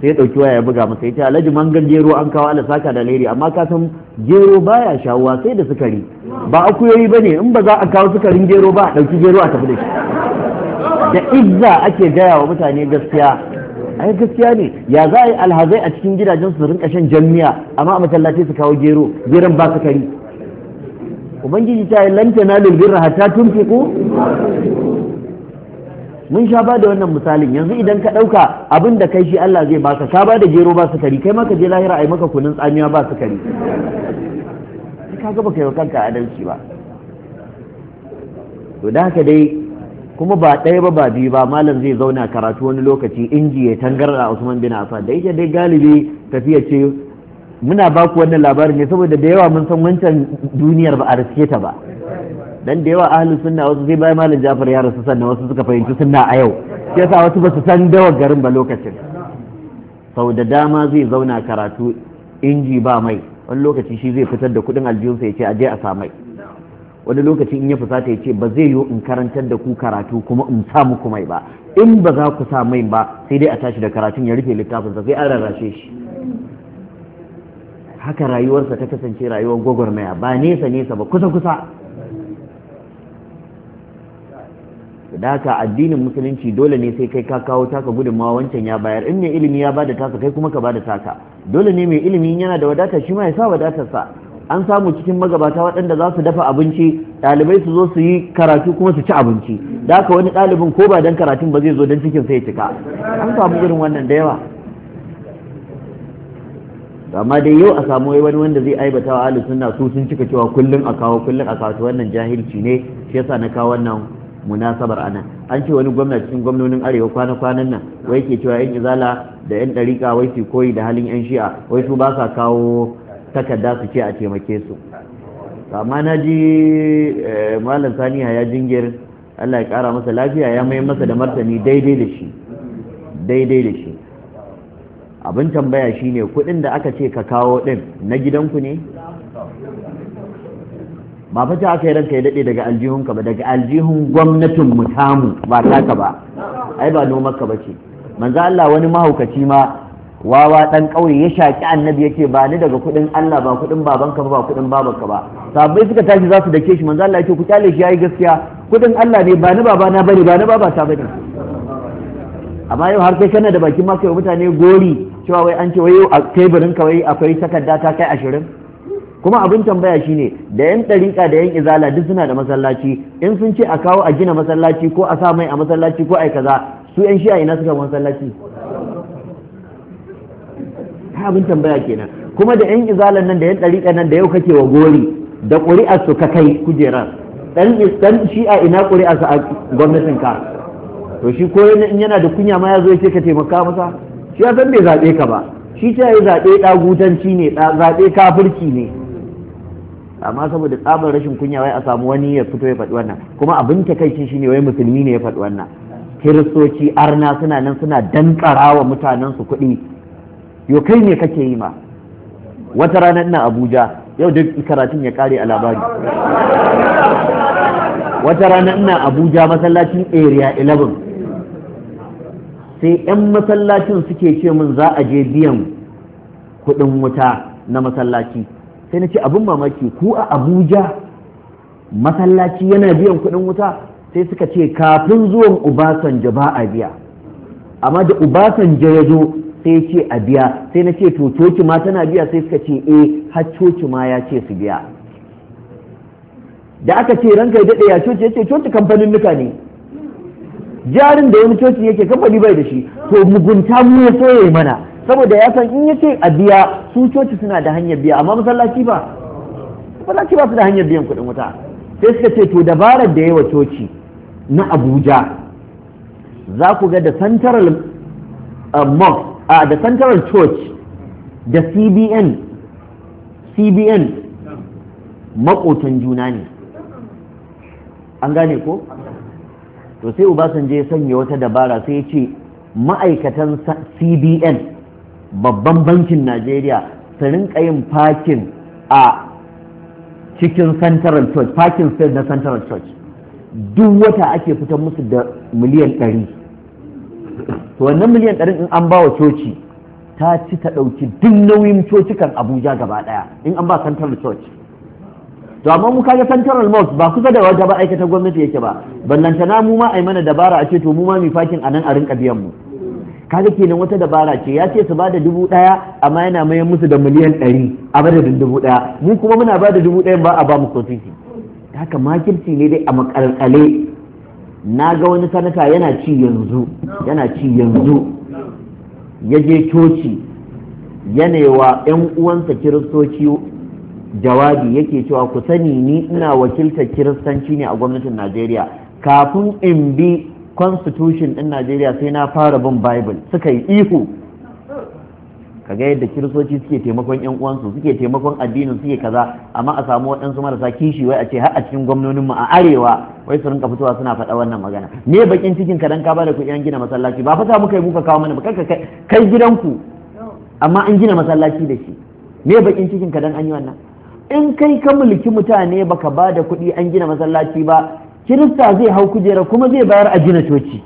sai ya ɗauki waya ya buga masa ya ce alhaji mangan gero an kawo ala saka da leri amma ka san gero baya shawuwa sai da sukari ba akuyoyi ba ne in ba za a kawo sukarin gero ba a ɗauki gero a tafi da shi da izza ake gaya wa mutane gaskiya ai gaskiya ne ya za a yi alhazai a cikin gidajen su rinka shan jamiya amma a masallaci su kawo gero geron ba sukari ubangiji ta yi lantana lulbirra hatta fiko mun sha ba da wannan misalin yanzu idan ka ɗauka abin da kai shi Allah zai baka ka ba da gero ba sukari kai maka je lahira a ai maka kunun tsamiya ba sukari ka ga baka yi kanka adalci ba to da haka dai kuma ba ɗaya ba ba biyu ba malam zai zauna karatu wani lokaci inji ya tangar da Usman bin Affan da yake dai galibi tafiya ce muna baku wannan labarin ne saboda da yawa mun san wancan duniyar ba a riske ta ba dan da yawa ahlus sunna wasu sai bayan malam Ja'far ya rasu sannan wasu suka fahimci sunna a yau sai sa wasu basu san dawa garin ba lokacin sau da dama zai zauna karatu inji ba mai wani lokaci shi zai fitar da kudin aljihunsa ya ce aje a sa mai. wani lokaci in ya fusata ya ce ba zai yiwu in karantar da ku karatu kuma in sa muku mai ba in ba za ku sa mai ba sai dai a tashi da karatun ya rufe littafin littafinsa sai an rarrashe shi haka rayuwarsa ta kasance rayuwar gwagwarmaya ba nesa nesa ba kusa kusa da haka addinin musulunci dole ne sai kai ka kawo taka gudunmawa wancan ya bayar in mai ilimi ya bada taka kai kuma ka bada taka dole ne mai ilimi yana da wadata shi ma ya sa wadatarsa an samu cikin magabata waɗanda za su dafa abinci ɗalibai su zo su yi karatu kuma su ci abinci da haka wani ɗalibin ko ba don karatun ba zai zo don cikin sai ya cika an samu irin wannan da yawa amma dai yau a samu wani wanda zai aibata wa sunna su sun cika cewa kullum a kawo kullum a kawo wannan jahilci ne shi yasa na kawo wannan munasabar anan an ce wani gwamna cikin gwamnonin arewa kwana-kwanan nan wai ke cewa yan izala da yan dariƙa wai su koyi da halin yan shi'a wai su ba sa kawo takarda su ce a taimake su amma na ji eh, malam saniya ya jingir allah ya ƙara masa lafiya ya mai masa da martani daidai da shi daidai da shi abin tambaya shine kuɗin da aka ce ka kawo ɗin na gidanku ne ba fa aka yi ranka ya daɗe daga aljihunka ba daga aljihun gwamnatin mu tamu ba taka ba ai ba nomarka ba ce manzo Allah wani mahaukaci ma wawa dan ƙauye ya shaƙi annabi yake ba ni daga kuɗin Allah ba kuɗin babanka ba kuɗin babanka ba sabai suka tashi za su dake shi manzo Allah yake ku kyale shi yayi gaskiya kuɗin Allah ne ba ni baba na bane ba ni baba ta bane amma yau har kai kana da bakin ma kai mutane gori cewa wai an ce wai kai barin ka wai akwai takarda ta kai ashirin kuma abin tambaya shine da yan ɗariƙa da yan izala duk suna da masallaci in sun ce a kawo a gina masallaci ko a sa mai a masallaci ko a kaza su yan shi'a ina suka masallaci abin tambaya kenan kuma da yan izalan nan da yan ɗariƙa nan da yau kake wa gori da ƙuri'ar su ka kai kujerar dan shi'a ina ƙuri'ar su a gwamnatin ka to shi ko in yana da kunya ma ya zo ka taimaka masa shi ya san bai zaɓe ka ba shi ta yi zaɓe ɗagutanci ne zaɓe kafirci ne amma saboda tsabar rashin kunya wai a samu wani ya fito ya faɗi wannan kuma abin takaici shine wai musulmi ne ya faɗi wannan kiristoci arna suna nan suna dantsara wa mutanen su kuɗi yo kai ne kake yi ma wata rana ina abuja yau duk karatun ya kare a labari wata rana ina abuja masallacin area 11 sai 'yan masallacin suke ce min za a je biyan kuɗin wuta na masallaci sai na ce abin mamaki ku a abuja masallaci yana biyan kuɗin wuta sai suka ce kafin zuwan ubasanja ba a biya amma da ubasanja ya zo sai ce a biya sai na ce to coci ma tana biya sai suka ce eh har coci ma ya ce su biya da aka ce ranka ya daɗe ya coci ya ce coci kamfanin nuka ne jarin da wani coci yake kamfani bai da shi to mugunta mu ya soye mana saboda ya san in yace a biya su coci suna da hanyar biya amma masallaci ba masallaci ba su da hanyar biyan kuɗin wuta sai suka ce to dabarar da yawa coci na abuja za ku ga da central uh, mosque a da central church da cbn cbn makotan juna ne an gane ko to sai ubasanje ya sanya wata dabara sai ya ce ma'aikatan cbn babban bankin najeriya su rinka yin fakin a cikin central church fakin state na central church duk wata ake fitar musu da miliyan ɗari to wannan miliyan ɗari in an ba wa coci ta ci ta ɗauki duk nauyin cocikan abuja gaba ɗaya in an ba central church to amma mu kaga central mosque ba kusa da wata ba aikata gwamnati yake ba ballantana mu ma ai mana dabara a ce to mu ma mi fakin a nan a rinka biyan mu kaga kenan wata dabara ce ya ce su ba da dubu ɗaya amma yana mayan musu da miliyan ɗari a madadin dubu ɗaya mu kuma muna ba da dubu ɗayan ba a ba mu kotisi haka makirci ne dai a makarkale na ga wani sanata yana ci yanzu yana ci yanzu ya je coci yanewa 'yan uwansa kiristoci jawabi yake cewa ku sani ni ina wakiltar kiristanci ne a gwamnatin najeriya kafin in bi constitution ɗin najeriya sai na fara bin bible suka yi ihu kaga yadda kirisoci suke taimakon yan uwansu suke taimakon addinin suke kaza amma a samu waɗansu marasa kishi wai a ce har a cikin gwamnonin mu a arewa wai su rinka fitowa suna faɗa wannan magana me bakin cikin ka dan ka bada kuɗi an gina masallaci ba fata muka yi muka kawo mana ba kai kai gidanku amma an gina masallaci da shi me bakin cikin ka dan an yi wannan in kai ka mulki mutane baka bada kuɗi an gina masallaci ba kirista zai hau kujera kuma zai bayar a jina coci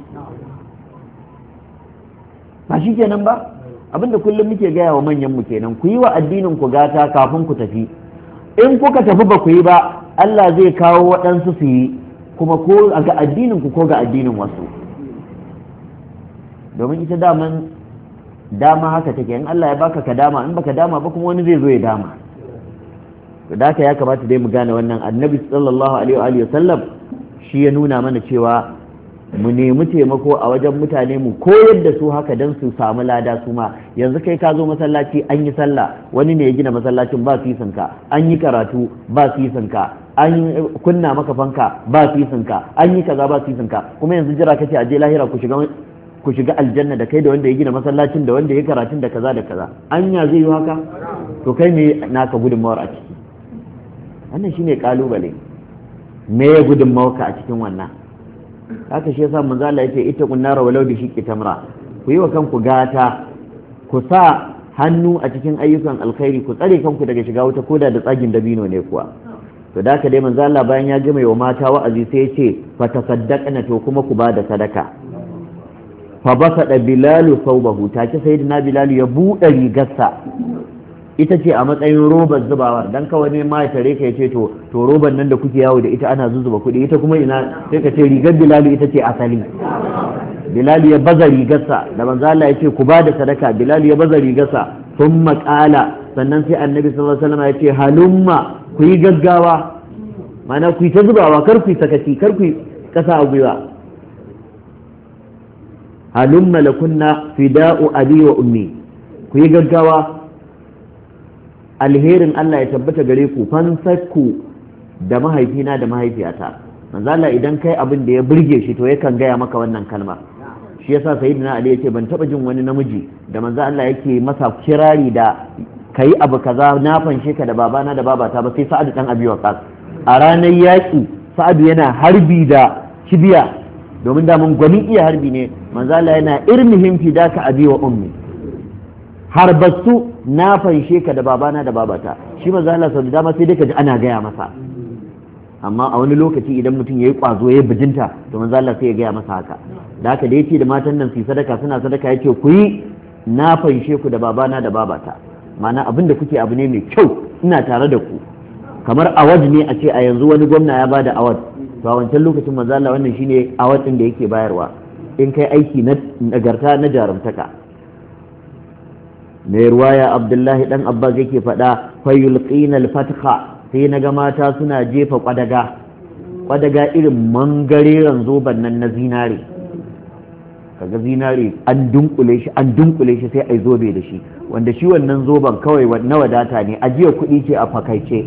ba shi kenan ba abinda kullum muke gaya wa manyan mu kenan ku yi wa addinin ku gata kafin ku tafi in kuka tafi ba ku yi ba Allah zai kawo waɗansu su yi kuma ko ga addinin ku ko ga addinin wasu domin ita daman dama haka take in Allah ya baka ka dama in baka dama ba kuma wani zai zo ya dama da haka ya kamata dai mu gane wannan annabi sallallahu alaihi wa sallam shi ya nuna mana cewa mu nemi taimako a wajen mutane mu koyar da su haka don su samu lada su ma yanzu kai ka zo masallaci an yi sallah wani ne ya gina masallacin ba su yi sanka. an yi karatu ba su yi sanka. an yi kunna maka fanka ba su yi sanka. an yi kaza ba su yi sanka. kuma yanzu jira kace aje lahira ku shiga ku shiga aljanna da kai da wanda ya gina masallacin da wanda ya karatun da kaza da kaza anya zai yi haka to kai ne naka gudunmawar a ciki wannan shine kalubale me ya gudun mawaka a cikin wannan haka shi yasa manzo Allah yace ita rawa walau bi shiqqi tamra ku yi wa kanku gata ku sa hannu a cikin ayyukan alkhairi ku tsare kanku daga shiga wuta koda da tsagin dabino ne kuwa to da haka dai manzo Allah bayan ya gama wa mata wa'azi sai ya ce fa tasaddaqna to kuma ku ba da sadaka fa basada bilalu ta take sayyidina bilalu ya buɗe rigarsa ita ce a matsayin robar zubawar dan kawai ne ma ya tare ka yace to to robar nan da kuke yawo da ita ana zuzuba kuɗi ita kuma ina sai ka ce rigar bilali ita ce asali bilali ya baza rigarsa da manzo Allah yace ku ba da sadaka bilali ya baza rigarsa thumma qala sannan sai annabi sallallahu alaihi wasallam yace halumma ku yi gaggawa mana ku yi ta zubawa kar ku yi sakaci kar ku yi kasa a gwiwa halumma lakunna fida'u abi wa ummi ku yi gaggawa alherin Allah ya tabbata gare ku fansakku da mahaifina da mahaifiyata manzala idan kai abin da ya burge shi to yakan gaya maka wannan kalma shi yasa sayyidina ali yake ban taba jin wani namiji da manzo Allah yake masa kirari da kai abu kaza na fanshe ka da babana da babata ba sai sa'adu dan abi waqas a ranar yaki sa'adu yana harbi da kibiya domin mun gwanin iya harbi ne manzala Allah yana irmihim fidaka daka abi wa ummi harbastu na fanshe ka da babana da babata shi maza Allah sau da dama sai dai ka ji ana gaya masa amma a wani lokaci idan mutum ya yi kwazo ya yi bijinta to maza Allah sai ya gaya masa haka da haka da yace da matan nan su sadaka suna sadaka ya ce ku yi na fanshe ku da babana da babata ma'ana abin da kuke abu ne mai kyau ina tare da ku kamar awad ne a ce a yanzu wani gwamna ya bada awad to a wancan lokacin maza Allah wannan shine awad din da yake bayarwa in kai aiki na nagarta na jarumtaka mai ruwaya abdullahi dan abbas yake faɗa fayulqina alfatha sai na ga mata suna jefa kwadaga kwadaga irin mangareren zoban nan na zinare kaga zinare an dunkule shi an dunkule shi sai ai zobe da shi wanda shi wannan zoban kawai na wadata ne ajiya kuɗi ce a fakaice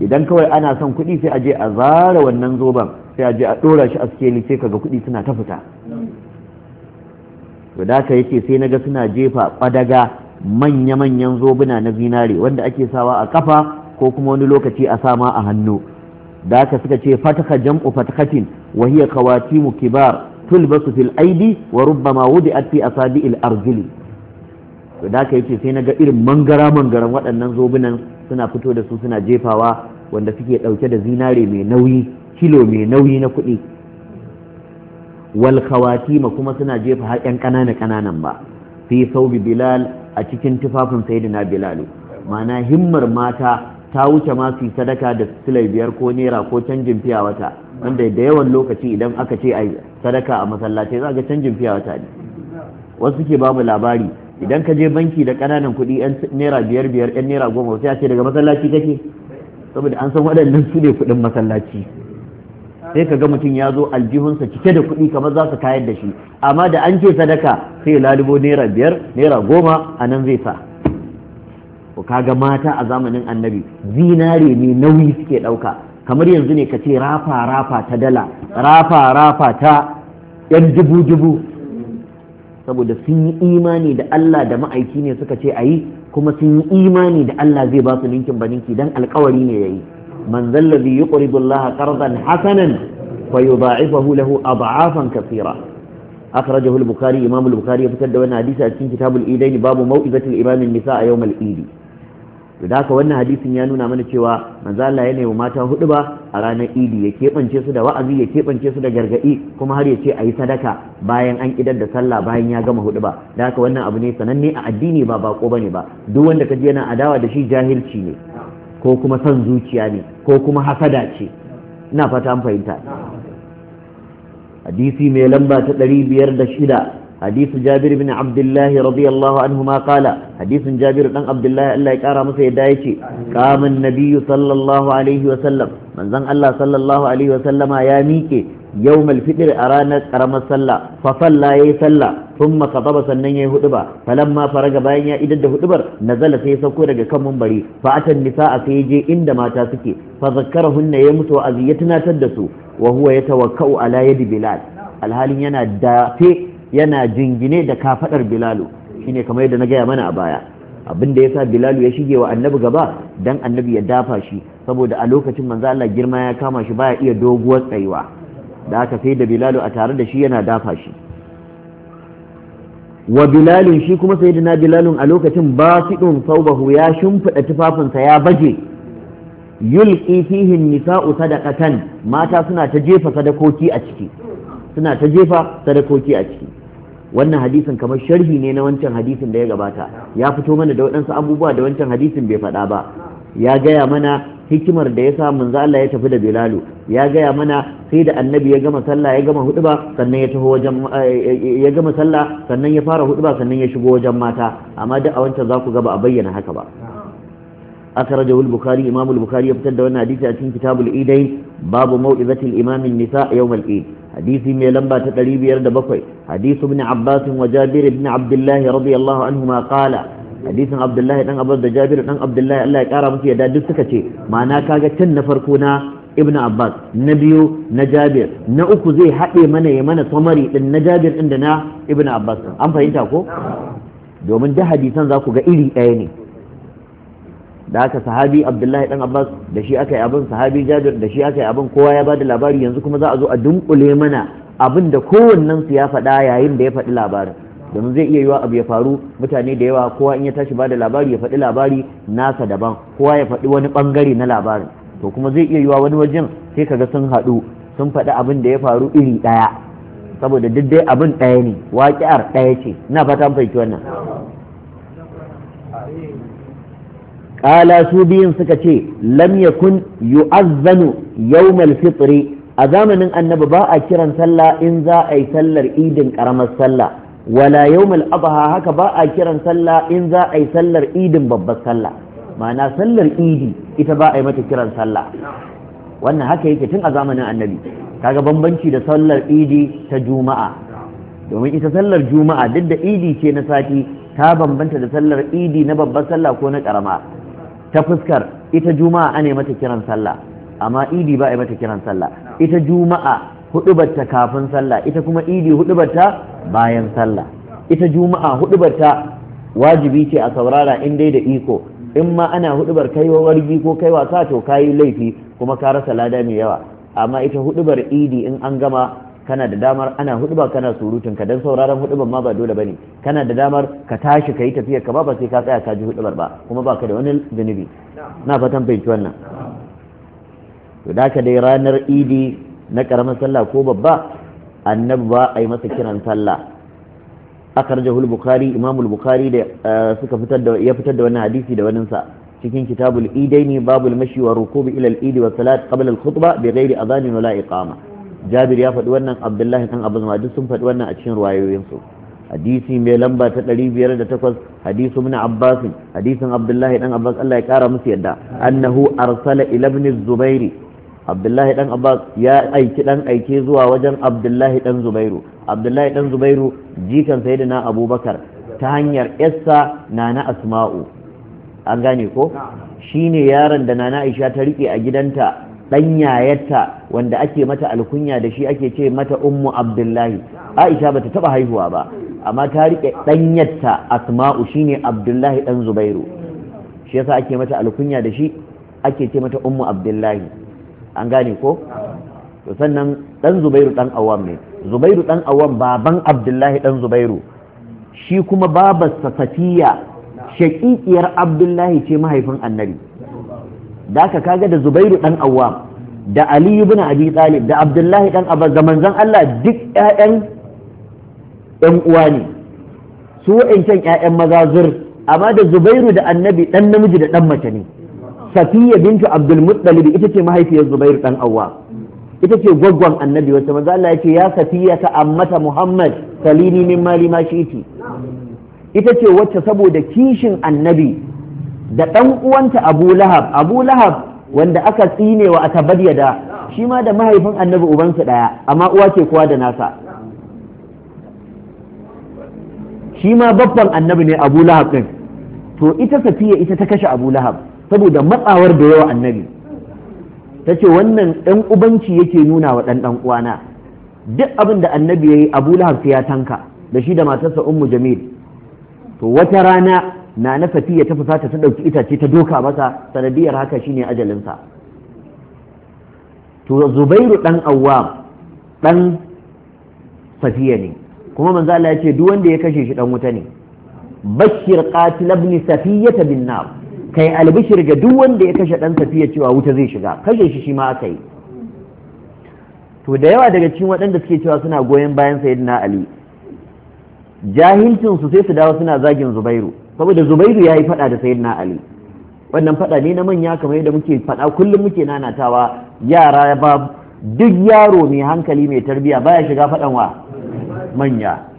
idan kawai ana son kuɗi sai aje a zara wannan zoban sai aje a ɗora shi a sikeli sai kaga kuɗi suna ta fita to da ka yace sai naga suna jefa kwadaga manya-manyan zobuna na zinare wanda ake sawa a kafa ko kuma wani lokaci a sama a hannu da ka suka ce fataka jam'u fatakatin wa hiya qawatimu kibar tulbasu fil aidi wa rubbama wudi'at fi asabi'il arjuli to da ka yake sai naga irin mangara mangaran waɗannan zobunan suna fito da su suna jefawa wanda suke ɗauke da zinare mai nauyi kilo mai nauyi na kuɗi wal khawatima kuma suna jefa har ƴan ƙanana ƙananan ba fi saubi bilal a cikin tufafin sayyidina bilal ma'ana himmar mata ta wuce ma su sadaka da silai biyar ko naira ko canjin fiya wata wanda da yawan lokaci idan aka ce ai sadaka a masallaci za ga canjin fiya wata ne wasu ke babu labari idan ka je banki da ƙananan kuɗi yan naira biyar biyar yan naira goma sai a ce daga masallaci kake saboda an san waɗannan su ne kuɗin masallaci sai ka ga mutum ya zo aljihunsa cike da kuɗi kamar za su kayar da shi amma da an ce sadaka sai lalubo naira biyar naira goma a nan zai sa ku kaga mata a zamanin annabi zinare ne nauyi suke ɗauka kamar yanzu ne ka ce rafa rafa ta dala rafa rafa ta yan dubu dubu saboda sun yi imani da Allah da ma'aiki ne suka ce a yi kuma sun yi imani da Allah zai ba su ninkin baninki dan alkawari ne yayi man zallazi yuqridu Allah qardan hasanan fayudha'ifahu lahu ad'afan kathira akhrajahu al-bukhari imam al-bukhari ya fitar da wannan hadisi a cikin kitabul idaini babu mau'izatul imam nisa a yau al-eid da haka wannan hadisin ya nuna mana cewa manzo Allah yana yi mata hudu ba a ranar idi ya keɓance su da wa'azi ya keɓance su da gargaɗi kuma har ya ce a yi sadaka bayan an idar da sallah bayan ya gama hudu ba da haka wannan abu ne sananne a addini ba bako ne ba duk wanda ka ji yana adawa da shi jahilci ne ko kuma son zuciya ne ko kuma hasada ce ina fata an fahimta hadisi mai lamba ta ɗari biyar da shida hadisu jabir bin abdullahi radiyallahu anhu ma kala hadisin jabir ɗan abdullahi allah ya ƙara masa yadda ya ce kamun nabiyu sallallahu alaihi wasallam manzan allah sallallahu alaihi wasallama ya miƙe Yau, al a ranar karamar sallah fasalla ya yayi sallah thumma khataba sannan yayi huduba ma, fara bayan ya idar da hudubar zala sai sauko daga kan munbari fa atan nisaa sai je inda mata suke fa hunna ya musu wa'azi ya tunatar da su wa huwa yatawakkau ala yadi bilal alhalin yana dafe yana jingine da kafadar bilalu shine kamar yadda na gaya mana a baya abin da yasa bilalu ya shige wa annabi gaba dan annabi ya dafa shi saboda a lokacin manzo Allah girma ya kama shi baya iya doguwar tsayuwa da aka sai da bilalu a tare da shi yana dafa shi wa bilalun shi kuma sai na bilalun a lokacin ba ɗin saubahu ya shimfiɗa tufafinsa ya baje yulki fihin nisa'u sadaqatan mata suna ta jefa sadakoki a ciki suna ta jefa sadakoki a ciki wannan hadisin kamar sharhi ne na wancan hadisin da ya gabata ya fito mana da waɗansu abubuwa da wancan hadisin bai faɗa ba ya gaya mana hikimar da ya sa manzo ya tafi da Bilalu ya gaya mana sai da annabi ya gama sallah ya gama hudba sannan ya taho wajen ya sannan ya fara hudba ya shigo wajen mata amma duk a wancan za ku ga ba a bayyana haka ba akhrajahu al-bukhari imam al ya fitar da wannan hadisi a cikin kitabul idain babu mau'izati al-imam nisa yawm al-id hadisi mai lamba ta 507 hadisi ibn abbas wa jabir ibn abdullah radiyallahu anhu ma kala. hadisin abdullahi dan abbas da jabir dan abdullahi Allah ya kara musu yadda duk suka ce ma'ana kaga can na farko na ibnu abbas na biyu na jabir na uku zai haɗe mana ya mana samari din na jabir din da na ibnu abbas an fahimta ko domin da hadisan za ku ga iri ɗaya ne da haka sahabi abdullahi dan abbas da shi aka yi abin sahabi jabir da shi aka yi abin kowa ya bada labari yanzu kuma za a zo a dunkule mana abin da kowannen su ya faɗa yayin da ya faɗi labarin domin zai iya yiwa abu ya faru mutane da yawa kowa in ya tashi ba da labari ya faɗi labari nasa daban kowa ya faɗi wani ɓangare na labarin to kuma zai iya yiwa wani wajen sai kaga sun haɗu sun faɗi abin da ya faru iri ɗaya saboda duk dai abin ɗaya ne waƙi'ar ɗaya ce ina fata an fahimci wannan ƙala su biyun suka ce lam yakun yu'azzanu yawmal fitri a zamanin annabi ba a kiran sallah in za a yi sallar idin karamar sallah wala yawmul adha haka ba a kiran sallah in za a yi sallar idin babbar sallah ma'ana sallar idi ita ba a yi mata kiran sallah wannan haka yake tun a zamanin annabi kaga bambanci da sallar idi ta juma'a domin ita sallar juma'a duk da idi ce na sati ta bambanta da sallar idi na babbar sallah ko na karama ta fuskar ita juma'a ane mata kiran sallah amma idi ba a mata kiran sallah ita juma'a hudubarta kafin sallah ita kuma idi hudubarta bayan sallah ita juma'a hudubarta wajibi ce a saurara in dai da iko in ma ana hudubar kaiwa wargi ko kai wasa to kayi laifi kuma ka rasa lada mai yawa amma ita hudubar idi in an gama kana da damar ana hudubar kana surutun ka dan sauraron hudubar ma ba dole bane kana da damar ka tashi ka yi tafiyar ka ba ba sai ka tsaya ka ji hudubar ba kuma ba ka da wani zunubi na fatan fahimci wannan to da ka dai ranar idi na ƙaramin sallah ko babba annabi ba a yi masa kiran sallah akarjahu al-bukhari imam bukhari da eh, suka fitar da ya fitar da wannan hadisi da waninsa cikin kitabul idaini babul mashi wa rukubi ila al-idi wa salat qabla al-khutba bi ghairi adhan wala iqama jabir ya faɗi wannan abdullahi dan abu zuma sun faɗi wannan a cikin ruwayoyin su hadisi mai lamba ta 508 hadisu ibn abbas hadisin abdullahi dan abbas Allah ya kara musu yadda annahu arsala ila ibn zubairi abdullahi dan abbas ya aiki dan aike zuwa wajen abdullahi dan zubairu abdullahi dan zubairu jikan sayyidina abubakar ta hanyar yassa nana asma'u an gane ko shine yaron da nana aisha ta rike a gidanta dan yayarta wanda ake mata alkunya da shi ake ce mata ummu abdullahi aisha bata taba haihuwa ba amma ta rike danyarta asma'u shine abdullahi dan zubairu shi yasa ake mata alkunya da shi ake ce mata ummu abdullahi an gane ko to sannan dan zubairu dan awam ne zubairu dan awam baban abdullahi dan zubairu shi kuma babarsa safiya shakikiyar abdullahi ce mahaifin annabi da aka kaga da zubairu dan awam da ali ibn abi talib da abdullahi dan abbas da manzon allah duk ƴaƴan ɗan uwa ne su wa'ancan ƴaƴan maza zur amma da zubairu da annabi dan namiji da dan mace ne safiya bintu abdul muttalib ita ce mahaifiyar zubair dan awwa ita ce gwaggwan annabi wacce manzo Allah ya ce ya safiya ta ammata muhammad salini min mali ma shiti ita ce wacce saboda kishin annabi da dan uwanta abu lahab abu lahab wanda aka tsinewa a tabayyada shi ma da mahaifin annabi ubansa daya amma uwa ce kowa da nasa shi ma babban annabi ne abu lahab din to ita safiya ita ta kashe abu lahab saboda matsawar da yawa annabi ta ce wannan ɗan ubanci yake nuna wa ɗan ɗan uwana duk abin da annabi ya yi abu lahab ya tanka da shi da matarsa ummu jamil to wata rana na na safiya ta fusata ta ɗauki itace ta doka masa sanadiyar haka shine ajalinsa to zubairu ɗan Awwa ɗan safiya ne kuma Manzala ya ce duk wanda ya kashe shi ɗan wuta ne bashir qatil ibn safiyata bin nar kai albishir ga duk wanda ya kashe ɗansa fiye cewa wuta zai shiga kashe shi shi ma aka yi to da yawa daga cikin waɗanda suke cewa suna goyon bayan sayyidina ali jahilcin su sai su dawo suna zagin zubairu saboda zubairu ya yi faɗa da sayyidina ali wannan faɗa ne na manya kamar yadda muke faɗa kullum muke nanatawa yara ba duk yaro mai hankali mai tarbiya baya shiga faɗan wa manya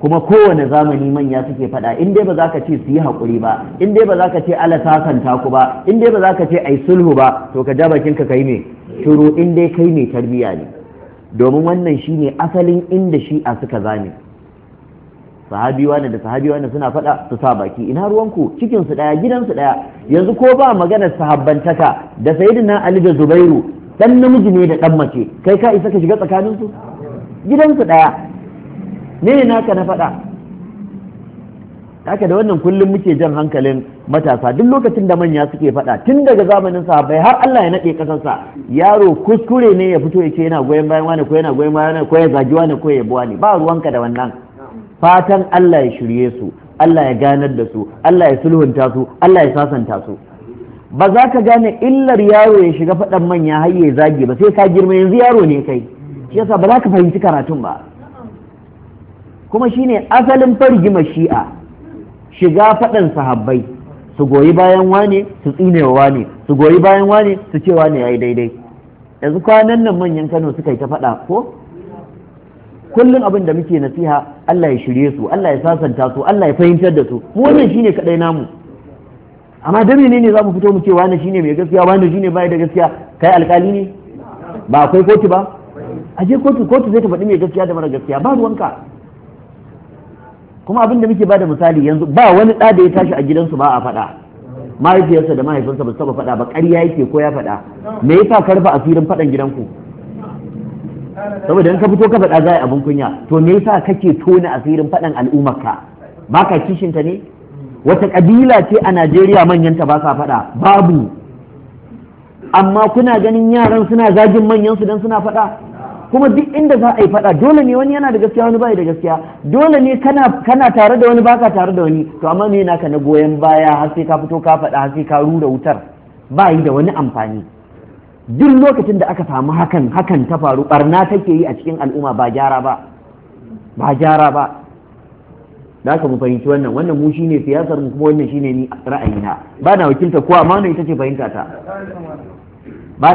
kuma kowane zamani manya suke faɗa in dai ba za ka ce su yi haƙuri ba in dai ba za ka ce ala sasanta ku ba in dai ba za ka ce ai sulhu ba to ka ja bakin ka kai ne shiru in dai kai mai tarbiyya ne domin wannan shine asalin inda shi a suka zame Sahabiwa ne da sahabiwa ne suna faɗa su sa baki ina ruwanku cikin su ɗaya gidan su ɗaya yanzu ko ba maganar sahabbantaka da sayyidina ali da zubairu dan namiji ne da dan mace kai ka isa ka shiga tsakanin su gidan su ɗaya me naka na faɗa haka da wannan kullum muke jan hankalin matasa duk lokacin da manya suke faɗa tun daga zamanin sahabbai har Allah ya naɗe ƙasarsa yaro kuskure ne ya fito ya ce yana goyon bayan wani ko yana goyon bayan wani ko ya zagi wani ko ya buwa ne ba ruwanka da wannan fatan Allah ya shirye su Allah ya ganar da su Allah ya sulhunta su Allah ya sasanta su ba za ka gane illar yaro ya shiga faɗan manya har ya zagi ba sai ka girma yanzu yaro ne kai shi yasa ba za ka fahimci karatun ba kuma shine asalin fargima shi'a shiga faɗan sahabbai su goyi bayan wane su tsinewa wane su goyi bayan wane su ce wane yayi daidai yanzu kwanan nan manyan Kano suka yi ta faɗa ko kullum abin da muke nasiha Allah ya shirye su Allah ya sasanta su Allah ya fahimtar da su mu wannan shine kadai namu amma da menene za mu fito mu ce wane shine mai gaskiya wane shine bai da gaskiya kai alkali ne ba akwai kotu ba aje kotu kotu zai ta faɗi mai gaskiya da mara gaskiya ba ruwanka kuma abin da muke bada misali yanzu ba wani ɗa da ya tashi a gidansu ba a faɗa mahaifiyarsa da mahaifinsa ba su taɓa faɗa ba ƙarya yake ko ya faɗa me yasa ka rufe asirin faɗan gidanku saboda in ka fito ka faɗa za a yi abin kunya to me yasa kake tona asirin faɗan al'ummarka ba ka kishinta ne wata ƙabila ce a najeriya manyanta ba sa faɗa babu amma kuna ganin yaran suna zagin manyansu don suna faɗa kuma duk inda za a yi faɗa dole ne wani yana da gaskiya wani bai da gaskiya dole ne kana kana tare da wani baka tare da wani to amma me naka na goyon baya har sai ka fito ka faɗa har sai ka rura wutar ba yi da wani amfani duk lokacin da aka samu hakan hakan ta faru barna take yi a cikin al'umma ba gyara ba ba gyara ba da aka mu fahimci wannan wannan mu shine siyasar mu kuma wannan shine ni ra'ayina ba na wakilta ko amma ita ce fahimta ta ba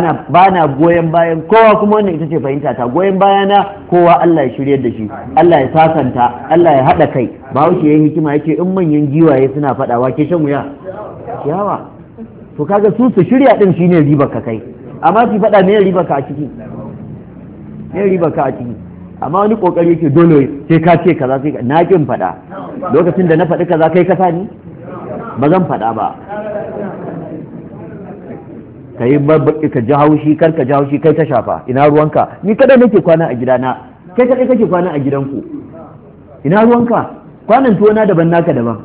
na goyon bayan kowa kuma wannan ita ce fahimta ta goyon bayana kowa Allah ya shiryar da shi Allah ya sasanta Allah ya haɗa kai bahaushe ya hikima ya ce in manyan giwaye suna faɗawa ke shan wuya yawa to kaga su su shirya ɗin shine ribar ka kai amma su faɗa me ribar ka a ciki ne ribar ka a ciki amma wani kokari yake dole sai ka ce kaza sai na kin faɗa lokacin da na faɗi kaza kai ka sani ba zan faɗa ba ka yi babbaƙi ka ji haushi kar ka ji haushi kai ta shafa ina ruwanka ni kada nake kwana a gidana kai kadai kake kwana a gidanku ina ruwanka kwanan tuwo na daban naka daban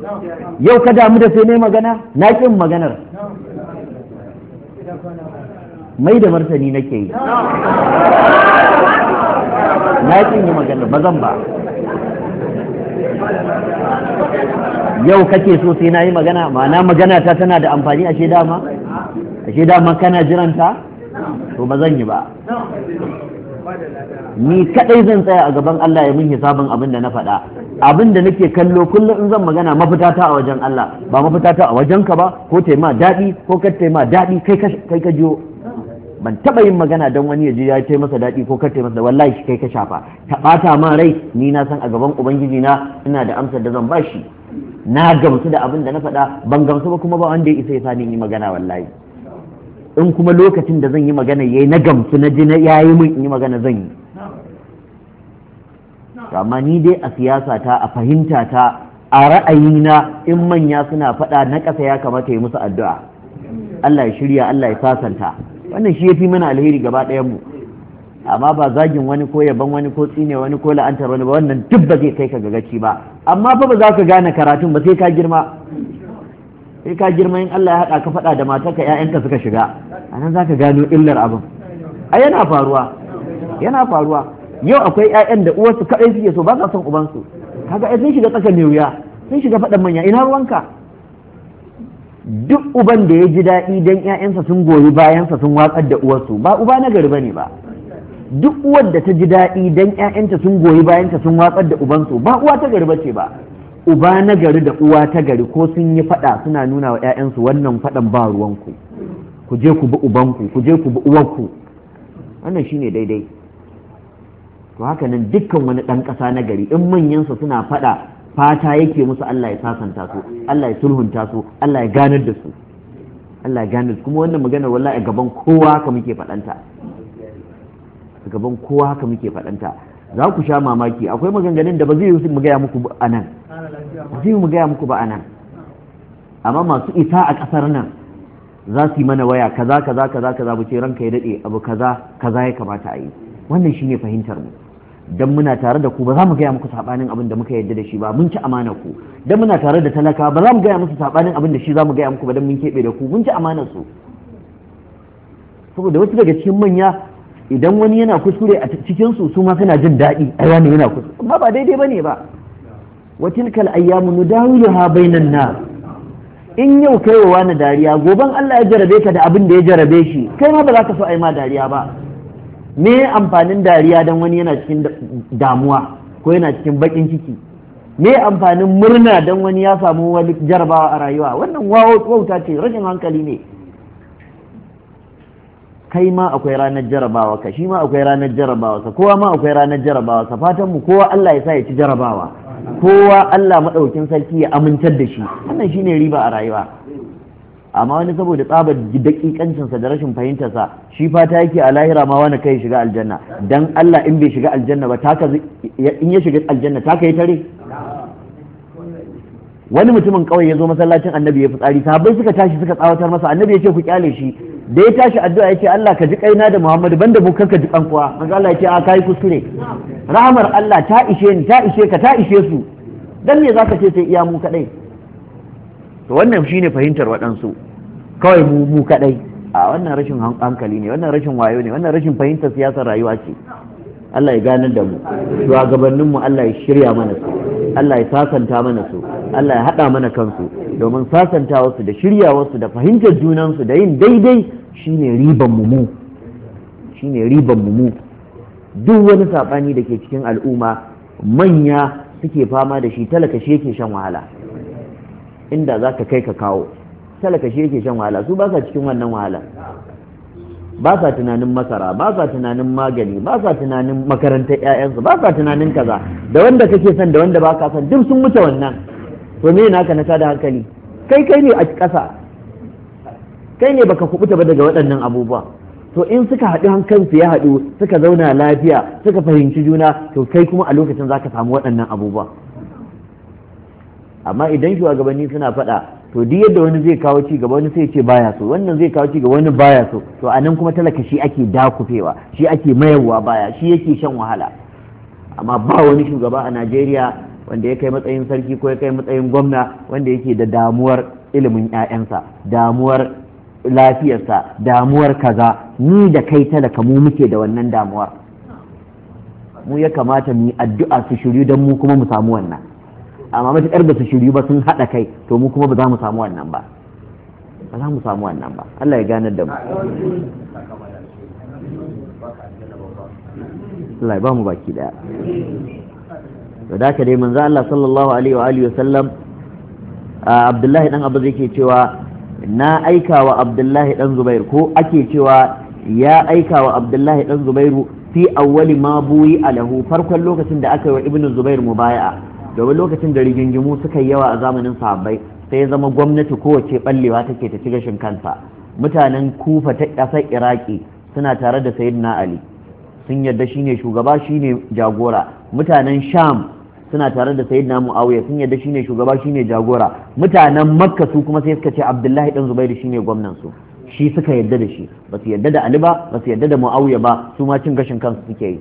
yau ka damu da sai ne magana na kin maganar mai da martani nake yi na kin yi magana ba zan ba yau kake so sai na yi magana ma'ana magana ta tana da amfani a dama ashe dama kana jiranta to ba zan yi ba ni kadai zan tsaya a gaban Allah ya min hisabin abin da na faɗa abin da nake kallo kullum in zan magana mafita ta a wajen Allah ba mafita ta a wajen ka ba ko tai ma daɗi ko ka tai ma daɗi kai ka jiyo ban taɓa yin magana don wani ya ji ya ta masa daɗi ko kar tai masa wallahi kai ka shafa ta bata ma rai ni na san a gaban ubangiji na ina da amsar da zan ba shi na gamsu da abin da na faɗa ban gamsu ba kuma ba wanda ya isa ya sani yi magana wallahi in kuma lokacin da zan yi magana yayi na gamsu na ji na yayi min in yi magana zan yi amma ni dai a siyasa ta a fahimta ta a ra'ayina in manya suna faɗa na ƙasa ya kamata yi musu addu'a Allah ya shirya Allah ya sasanta wannan shi ya fi mana alheri gaba ɗayan amma ba zagin wani ko yaban wani ko tsine wani ko la'antar wani ba wannan duk ba zai kai ka ga gaci ba amma fa ba za ka gane karatun ba sai ka girma sai ka girma in Allah ya haɗa ka faɗa da matarka 'ya'yanka suka shiga a nan za ka gano illar abin a yana faruwa yana faruwa yau akwai 'ya'yan da uwarsu kaɗai suke so ba sa son ubansu kaga ai sun shiga tsaka mai wuya sun shiga faɗan manya ina ruwanka duk uban da ya ji daɗi don 'ya'yansa sun goyi bayansa sun watsar da uwarsu ba uba na gari bane ba duk uwar da ta ji daɗi don 'ya'yanta sun goyi bayanta sun watsar da ubansu ba uwa ta gari bace ba uba na gari da uwa ta gari ko sun yi faɗa suna nuna wa 'ya'yansu wannan faɗan ba ruwanku ku je ku bi ubanku ku je ku bi uwanku wannan shine daidai to haka nan dukkan wani ɗan ƙasa na gari in manyansa suna faɗa fata yake musu Allah ya sasanta su Allah ya sulhunta su Allah ya ganar da su Allah ya ganar su kuma wannan magana wallahi a gaban kowa haka muke faɗanta a gaban kowa haka muke faɗanta za ku sha mamaki akwai maganganun da ba zai yi mu gaya muku ba anan zai mu gaya muku ba anan amma masu isa a ƙasar nan za su yi mana waya kaza kaza kaza kaza mu ce ranka ya dade abu kaza kaza ya kamata a yi wannan shine fahimtar mu dan muna tare da ku ba za mu gaya muku sabanin abin da muka yarda da shi ba mun ci amana ku dan muna tare da talaka ba za mu gaya musu sabanin abin da shi za mu gaya muku ba dan mun kebe da ku mun ci amana su saboda wasu daga cikin manya idan wani yana kuskure a cikin su su ma suna jin daɗi a yana kuskure amma ba daidai bane ba wa tilkal ayyamu nudawiluha bainan nas in yau kai wa wani dariya goban Allah ya jarabe ka da abin da ya jarabe shi kai ma ba za ka so a yi ma dariya ba me amfanin dariya dan wani yana cikin damuwa ko yana cikin bakin ciki me amfanin murna dan wani ya samu wani jarabawa a rayuwa wannan wauta ce rashin hankali ne kai ma akwai ranar jarabawa ka shi ma akwai ranar jarabawa sa kowa ma akwai ranar jarabawa sa fatan mu kowa Allah ya sa ya ci jarabawa kowa Allah madaukin sarki ya amintar da shi wannan shine riba a rayuwa amma wani saboda tsaba dakikancin sa da rashin fahimtar sa shi fata yake a lahira ma wani kai shiga aljanna dan Allah in bai shiga aljanna ba taka in ya shiga aljanna taka yi tare wani mutumin kawai ya zo masallacin annabi ya fitsari sahabbai suka tashi suka tsawatar masa annabi ya ce ku kyale shi da ya tashi addu'a ce Allah ka ji kaina da Muhammadu banda mu kanka ji kan kuwa manzo Allah yace a kai kuskure rahamar Allah ta ishe ni ta ishe ka ta ishe su dan me zaka ce sai iya mu kadai to wannan shine fahimtar waɗansu kawai mu mu kadai a wannan rashin hankali ne wannan rashin wayo ne wannan rashin fahimtar siyasar rayuwa ce Allah ya ganar da mu shugabanninmu Allah ya shirya mana su Allah ya sasanta mana su Allah ya haɗa mana kansu domin sasanta wasu, da shirya shiryawarsu da fahimtar junansu da yin daidai shine riban mu duk wani saɓani da ke cikin al'umma manya suke fama da shi talaka shi yake shan wahala inda za ka kai ka kawo talaka shi yake shan wahala su ba sa cikin wannan wahala ba sa tunanin masara ba sa tunanin magani ba sa tunanin makarantar 'ya'yansu ba sa tunanin kaza da wanda kake son da wanda ba ka son duk sun wuce wannan to me naka na tada hankali kai kai ne a ƙasa kai ne baka kubuta ba daga waɗannan abubuwa to in suka haɗu hankansu ya haɗu suka zauna lafiya suka fahimci juna to kai kuma a lokacin za ka samu waɗannan abubuwa amma idan shugabanni suna faɗa to duk yadda wani zai kawo ci gaba wani sai ce baya so wannan zai kawo ci gaba wani baya so to a nan kuma talaka shi ake dakufewa shi ake mayarwa baya shi yake shan wahala amma ba wani shugaba a najeriya wanda ya kai matsayin sarki ko ya kai matsayin gwamna wanda yake da damuwar ilimin 'ya'yansa damuwar lafiyarsa damuwar kaza ni da kai talaka mu muke da wannan damuwar mu ya kamata mu yi addu'a su shiryu don mu kuma mu samu wannan amma matuƙar ba su shiryu ba sun haɗa kai to mu kuma ba za mu samu wannan ba ba za mu samu wannan ba Allah ya ganar da mu Allah ya ba mu baki daya to da ka dai manzo Allah sallallahu alaihi wa alihi wasallam Abdullahi dan Abu ke cewa na aika wa Abdullahi dan Zubair ko ake cewa ya aika wa Abdullahi dan Zubairu fi awwali ma buyi alahu farkon lokacin da aka yi wa Ibn Zubair mubaya'a domin lokacin da rigingimu suka yi yawa a zamanin sahabbai sai ya zama gwamnati kowace ballewa take ta ci gashin kansa mutanen kufa ta ƙasar iraki suna tare da sayyidina ali sun yarda shine shugaba shine jagora mutanen sham suna tare da sayyidina muawiya sun yadda shine shugaba shine jagora mutanen makka su kuma sai suka ce abdullahi dan zubairu shine gwamnan su shi suka yadda da shi ba su yadda da ali ba ba su yadda da muawiya ba su ma cin gashin kansu suke yi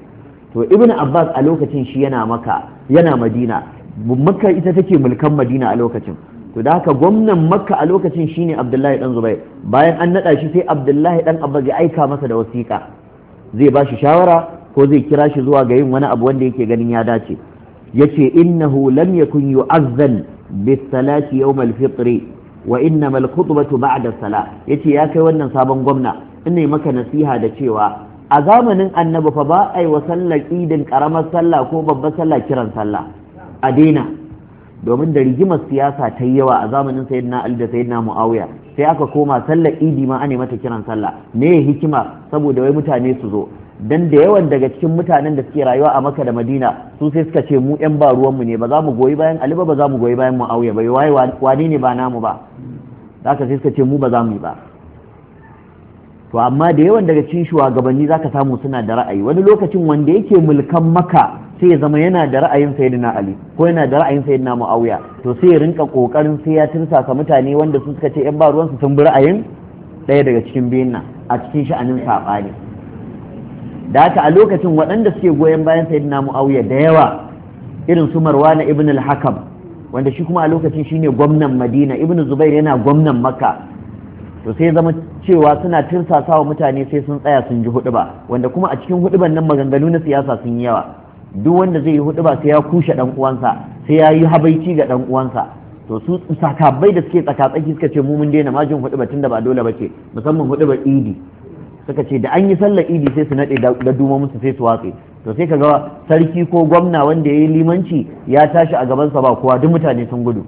to ibnu abbas a lokacin shi yana Makka, yana madina makka ita take mulkan madina a lokacin to da haka gwamnan makka a lokacin shine abdullahi dan zubair bayan an nada shi sai abdullahi dan abbas ya aika masa da wasiƙa zai ba shi shawara ko zai kira shi zuwa ga yin wani abu wanda yake ganin ya dace yace innahu lam yakun yu'azzan bis salati yawm al fitr wa innama al khutbatu ba'da salat yace ya kai wannan sabon gwamna ina maka nasiha da cewa a zamanin annabi fa ba a yi wa sallar idin karamar sallah ko babbar sallah kiran sallah a daina domin da rigimar siyasa ta yi yawa a zamanin sayyidina ali da sayyidina muawiya sai aka koma sallar idi ma ane mata kiran sallah me hikima saboda wai mutane su zo dan da yawan daga cikin mutanen da suke rayuwa a Makka da Madina su sai suka ce mu 'yan ba ruwan mu ne ba za mu goyi bayan Ali ba ba za mu goyi bayan Muawiya ba wai wani ne ba namu ba zaka sai suka ce mu ba za mu yi ba to amma da yawan daga cikin shugabanni zaka samu suna da ra'ayi wani lokacin wanda yake mulkan Makka sai ya zama yana da ra'ayin sayyidina Ali ko yana da ra'ayin sayyidina Muawiya to sai ya rinka kokarin sai ya tirsasa mutane wanda su suka ce 'yan ba ruwan su sun bi ra'ayin ɗaya daga cikin biyun nan a cikin sha'anin saɓani da haka a lokacin waɗanda suke goyon bayan sayyidina muawiya da yawa irin su marwana ibn al-hakam wanda shi kuma a lokacin shine gwamnan madina ibn zubair yana gwamnan makka to sai zama cewa suna tirsasawa mutane sai sun tsaya sun ji huduba wanda kuma a cikin huduban nan maganganu na siyasa sun yi yawa duk wanda zai yi huduba sai ya kushe dan uwansa sai ya yi habaici ga dan uwansa to su sakabai da suke tsakatsaki suka ce mu mun daina majin huduba tunda ba dole bace musamman huduba idi suka ce da an yi sallar idi sai su naɗe da duma musu sai su watse to sai ka ga sarki ko gwamna wanda ya yi limanci ya tashi a gabansa ba kowa duk mutane sun gudu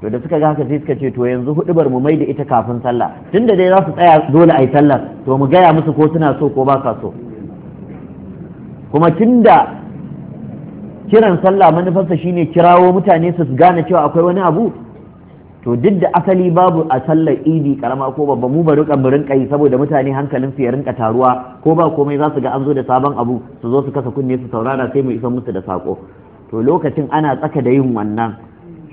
to da suka ga haka sai suka ce to yanzu hudubar mu mai da ita kafin sallah tunda dai za su tsaya dole a yi sallah to mu gaya musu ko suna so ko ba sa so kuma tunda kiran sallah manufarsa shine kirawo mutane su gane cewa akwai wani abu to duk da asali babu a sallar idi karama ko babba mu bari kan burin kai saboda mutane hankalin su ya rinka taruwa ko ba komai za su ga an zo da sabon abu su zo su kasa kunne su saurara sai mu isa musu da sako to lokacin ana tsaka da yin wannan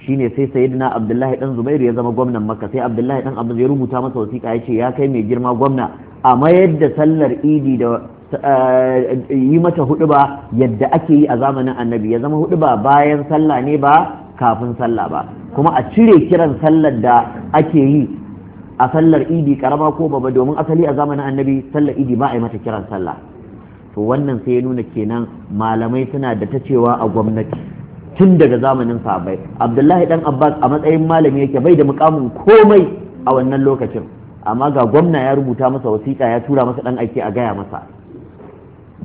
shine sai sayyidina abdullahi dan zubairu ya zama gwamnan makka sai abdullahi dan abu ya rubuta masa wasiƙa ya ce ya kai mai girma gwamna a mayar da sallar idi da eh, yi mata huduba yadda ake yi a zamanin annabi ya zama huduba bayan sallah ne ba kafin sallah ba kuma a cire kiran sallar da ake yi a sallar idi karama ko babba domin asali a zamanin annabi sallar idi ba a yi mata kiran sallah to wannan sai ya nuna kenan malamai suna da ta cewa a gwamnati tun daga zamanin sahabbai abdullahi dan abbas a matsayin malami yake bai da mukamin komai a wannan lokacin amma ga gwamna ya rubuta masa wasiƙa ya tura masa dan aiki a gaya masa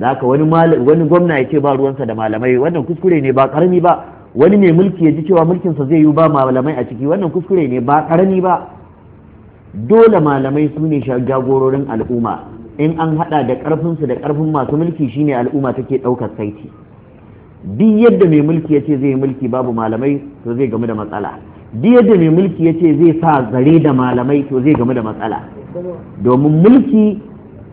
da haka wani gwamna ya ce ba ruwansa da malamai wannan kuskure ne ba karami ba wani mai mulki ya ji cewa mulkinsa zai yi ba malamai a ciki wannan kuskure ne ba karami ba dole malamai su ne jagororin al'umma in an hada da karfinsu da karfin masu mulki shine al'umma take daukar saiti duk yadda mai mulki ya ce zai mulki babu malamai to zai gamu da matsala duk yadda mai mulki ya ce zai sa zare da malamai to zai gamu da matsala domin mulki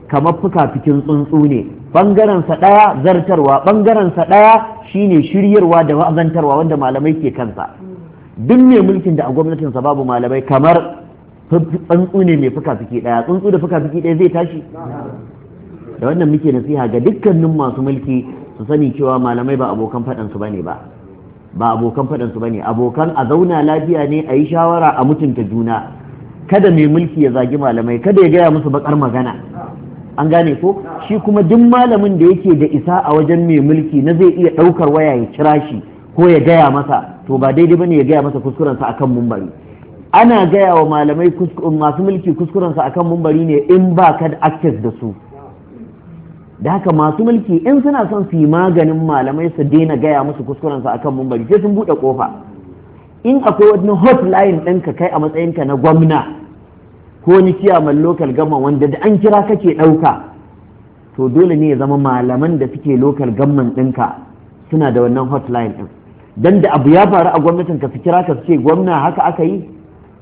kamar fuka cikin tsuntsu ne ɓangarensa ɗaya zartarwa ɓangarensa ɗaya shine shiryarwa da wa'azantarwa wanda malamai ke kansa duk mai mulkin da a gwamnatinsa babu malamai kamar tsuntsu ne mai fuka fuki ɗaya tsuntsu da fuka fuki ɗaya zai tashi da wannan muke nasiha ga dukkanin masu mulki su sani cewa malamai ba abokan faɗansu bane ba ba abokan faɗansu bane abokan a zauna lafiya ne a yi shawara a mutunta juna kada mai mulki ya zagi malamai kada ya gaya musu bakar magana an gane ko shi kuma duk malamin da yake da isa a wajen mai mulki na zai iya ɗaukar waya ya kira shi ko ya gaya masa to ba daidai bane ya gaya masa kuskurensa akan mumbari ana gaya wa malamai masu mulki kuskurensa akan mumbari ne in ba ka da access da su da haka masu mulki in suna son su yi maganin malamai su daina gaya musu kuskurensa akan mumbari sai sun buɗe kofa in akwai wani hotline ɗinka kai a matsayinka na gwamna ko ni ciyaman lokal gama wanda da an kira kake ɗauka to dole ne ya zama malaman da suke lokal gamman ɗinka suna da wannan hotline ɗin dan da abu ya faru a gwamnatin ka su kira ka ce gwamna haka aka yi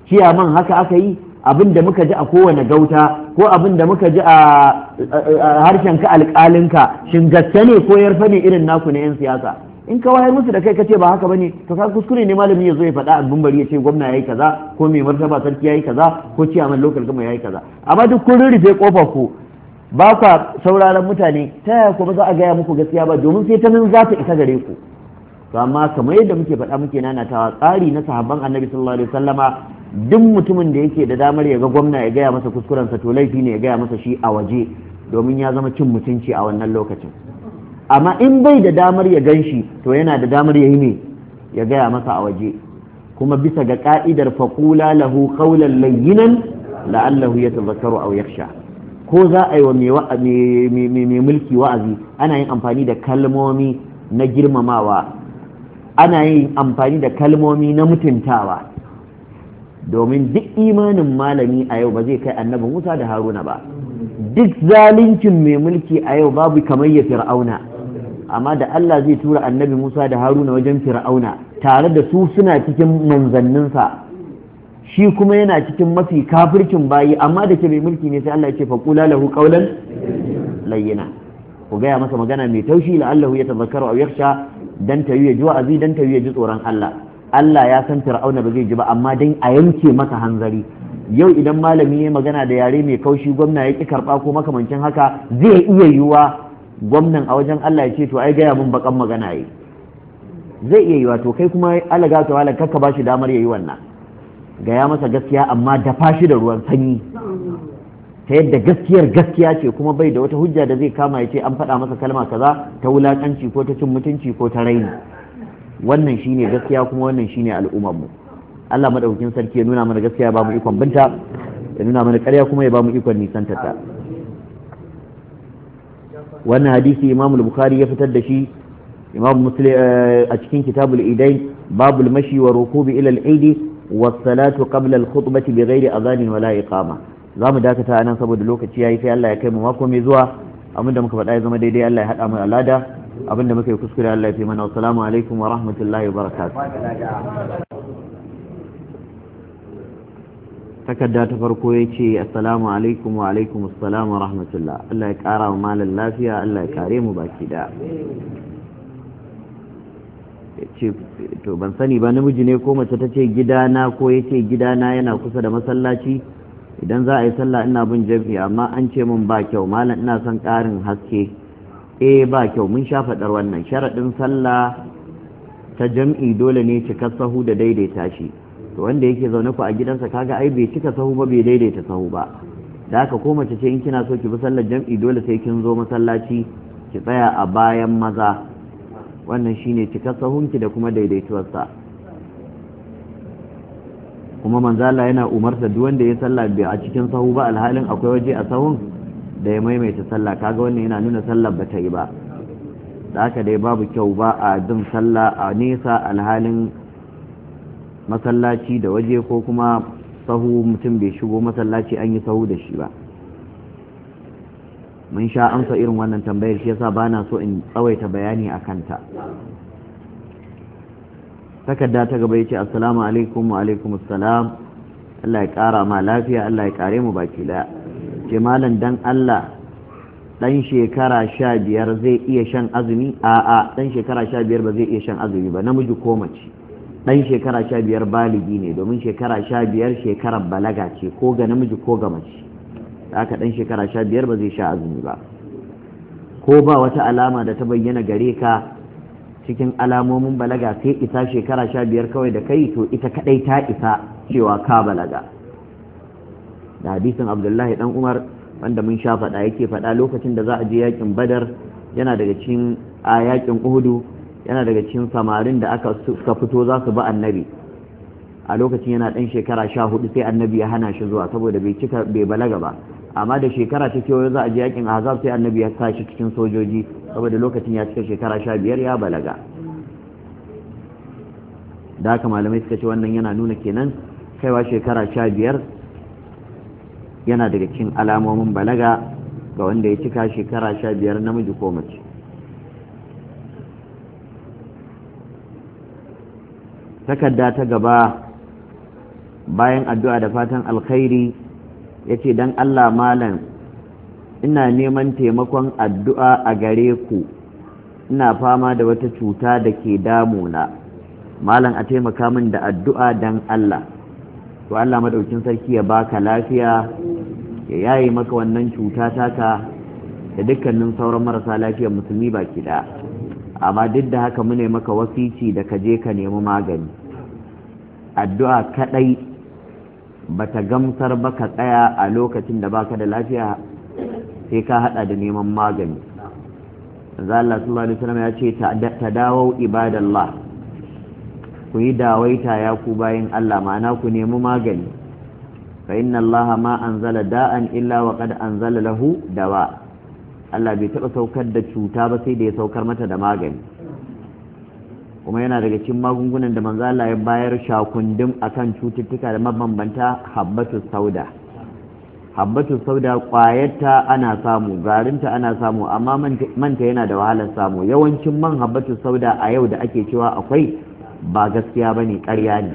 kiyaman haka aka yi abin da muka ji a kowane gauta ko abin da muka ji a harshen ka alƙalinka shin gaske ne ko yarfa ne irin naku na 'yan siyasa in ka wayar musu da kai kace ba haka bane to ka kuskure ne malami ya zo ya faɗa a bari ya ce gwamna yayi kaza ko mai martaba sarki yayi kaza ko ciyaman local gama yayi kaza amma duk kun rufe kofar ku ba kwa sauraron mutane ta yaya kuma za a gaya muku gaskiya ba domin sai ta nan za ta isa gare ku to amma kamar yadda muke faɗa muke nanatawa tsari na sahabban annabi sallallahu alaihi wasallama duk mutumin da yake da damar ya ga gwamna ya gaya masa kuskurensa to laifi ne ya gaya masa shi a waje domin ya zama cin mutunci a wannan lokacin amma in bai da damar ya gan shi to yana da damar ya yi ne ya gaya masa a waje kuma bisa ga ka'idar faƙula lahu qawlan layyinan la'allahu yatadhakkaru aw yakhsha ko za a yi wa mai mulki wa'azi ana yin amfani da kalmomi na girmamawa ana yin amfani da kalmomi na mutuntawa domin duk imanin malami a yau ba zai kai annabi musa da haruna ba duk zaluncin mai mulki a yau babu kamar ya fir'auna amma da Allah zai tura annabi Musa da Haruna wajen Fir'auna tare da su suna cikin manzanninsa shi kuma yana cikin mafi kafircin bayi amma da ke mai mulki ne sai Allah ya ce qula lahu qawlan layyina ku gaya masa magana mai taushi Allah ya tazakkaru aw yakhsha dan ta yi ji wa'azi dan ta yi ji tsoron Allah Allah ya san Fir'auna ba zai ji ba amma dan a yanke masa hanzari yau idan malami ya magana da yare mai kaushi gwamna ya ki karba ko makamancin haka zai iya yiwuwa gwamnan a wajen Allah ya ce to ai gaya mun bakan magana yi zai iya yi wato kai kuma alaga ta wala kakka ba shi damar yayi wannan gaya masa gaskiya amma dafa shi da ruwan sanyi ta yadda gaskiyar gaskiya ce kuma bai da wata hujja da zai kama ya ce an faɗa masa kalma kaza ta wulakanci ko ta cin mutunci ko ta raini wannan shine gaskiya kuma wannan shine al'ummar mu Allah madaukakin sarki ya nuna mana gaskiya ba mu ikon binta ya nuna mana ƙarya kuma ya ba mu ikon nisan tattara. wannan hadisi imam bukhari ya fitar da shi imam muslim eh, a cikin kitabul idain babul mashi wa rukubi ila al-idi was salatu qabla al-khutbati bighairi adhanin wala iqama zamu dakata anan saboda lokaci yayi sai Allah ya kai mu mako mai zuwa abinda muka faɗa ya zama daidai Allah ya haɗa mu alada abinda muka yi kuskure Allah ya fi mana assalamu alaikum wa rahmatullahi wa barakatuh takarda ta farko ya ce assalamu alaikum wa alaikum assalam wa rahmatullah Allah ya kara wa malam lafiya Allah ya kare mu baki da ce to ban sani ba namiji ne ko mace ta ce gidana ko ya ce gidana yana kusa da masallaci idan za a yi sallah ina bin jafi amma an ce min ba kyau malam ina son karin haske eh ba kyau mun sha faɗar wannan sharaɗin sallah ta jam'i dole ne cikar sahu da daidaita shi to wanda yake zaune ku a gidansa kaga ai bai cika sahu ba bai daidaita sahu ba da haka ko mace ce in kina so ki bi sallar jam'i dole sai kin zo masallaci ki tsaya a bayan maza wannan shine cika sahunki da kuma daidaituwarsa kuma manzala yana umarta duk wanda ya sallah bai a cikin sahu ba alhalin akwai waje a sahun da ya maimaita sallah kaga wannan yana nuna sallar ba ta yi ba da haka dai babu kyau ba a jin sallah a nesa alhalin masallaci da waje ko kuma sahu mutum bai shigo masallaci an yi sahu da shi ba mun sha amsa irin wannan tambayar shi yasa bana so in tsawaita bayani a kanta takarda ta gaba ya ce assalamu alaikum wa alaikum assalam Allah ya kara ma lafiya Allah ya kare mu baki daya ce malam dan Allah dan shekara sha biyar zai iya shan azumi a'a dan shekara sha biyar ba zai iya shan azumi ba namiji ko mace ɗan shekara sha biyar baligi ne domin shekara sha biyar shekarar balaga ce ko ga namiji ko ga mace Da aka ɗan shekara sha biyar ba zai sha azumi ba ko ba wata alama da ta bayyana gare ka cikin alamomin balaga sai isa shekara sha biyar kawai da kai to ita kaɗai ta isa cewa ka balaga da hadisin abdullahi Dan umar wanda mun sha faɗa yake faɗa lokacin da za a je yakin badar yana daga cikin a yakin uhudu yana daga cikin samarin da aka suka fito za su ba annabi a lokacin yana ɗan shekara sha hudu sai annabi ya hana shi zuwa saboda bai cika bai balaga ba amma da shekara ta kewayo za a je yakin azab sai annabi ya sa shi cikin sojoji saboda lokacin ya cika shekara sha biyar ya balaga da haka malamai suka ce wannan yana nuna kenan kaiwa shekara sha biyar yana daga cikin alamomin balaga ga wanda ya cika shekara sha biyar namiji ko mace takarda ta gaba bayan addu'a da fatan alkhairi ya ce don Allah malam ina neman taimakon addu'a a gare ku ina fama da wata cuta da ke damuna malam a taimaka min da addu'a don Allah to Allah maɗaukin sarki ya baka lafiya ya yayi maka wannan cuta taka da dukkanin sauran marasa lafiyar musulmi baki ɗaya amma duk da haka mune maka wasici da ka je ka nemi magani addu'a kadai bata gamsar ba ka tsaya a lokacin da baka da lafiya sai ka hada da neman magani za Allah sallallahu alaihi ya ce ta dawo ibadallah ku yi dawaita ya ku bayin Allah ma'ana ku nemi magani fa inna Allah ma anzala da'an illa wa qad anzala lahu dawa' Allah bai taɓa saukar da cuta ba sai da ya saukar mata da magani kuma yana daga cikin magungunan da manzo Allah ya bayar shakundum akan cututtuka da mabambanta habbatu sauda habbatu sauda kwayarta ana samu garinta ana samu amma manta yana da wahalar samu yawancin man habbatu sauda a yau da ake cewa akwai ba gaskiya bane ƙarya ne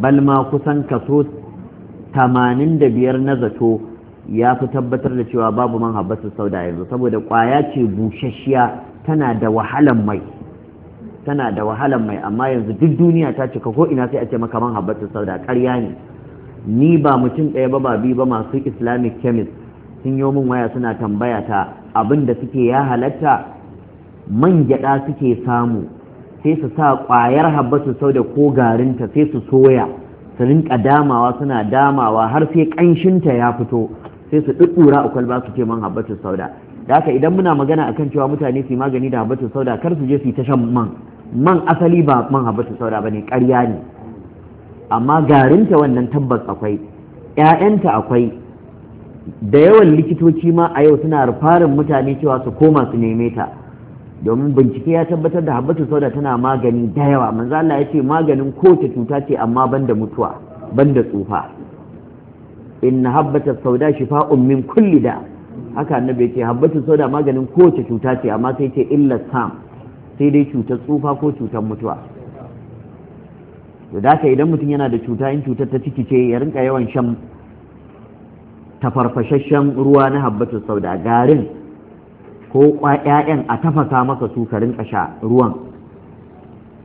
balma kusan kaso 85 na zato ya fi tabbatar da cewa babu man habbasu sauda yanzu saboda ƙwaya ce bushashiya tana da wahalan mai tana da wahalan mai amma yanzu duk duniya ta cika ko ina sai a ce maka man habbasu sauda ƙarya ne ni ba mutum ɗaya ba ba bi ba masu islamic chemist sun yi min waya suna tambaya ta abin da suke ya halatta man gyaɗa suke samu sai su sa ƙwayar habbasu sauda ko garinta sai su soya su rinka damawa suna damawa har sai ƙanshinta ya fito sai su ɗuɗɗura a kwalba su ce man habbatus sauda da haka idan muna magana akan cewa mutane su yi magani da habbatus sauda kar su je su ta shan man man asali ba man habbatus sauda bane ƙarya ne amma garinta wannan tabbas akwai ƴaƴanta akwai da yawan likitoci ma a yau suna rufarin mutane cewa su koma su neme ta domin bincike ya tabbatar da habbatu sauda tana magani da yawa manzo Allah ya ce maganin kowace cuta ce amma banda mutuwa banda tsufa inna habbata sauda shifa'un min kulli da haka annabi yake habbata sauda maganin kowace cuta ce amma sai ce illa sam sai dai cutar tsufa ko cutar mutuwa to da haka idan mutum yana da cuta in cutar ta ciki ce ya rinka yawan shan tafarfashashen ruwa na habbata sauda garin ko ƴaƴan a tafasa masa su ka rinka sha ruwan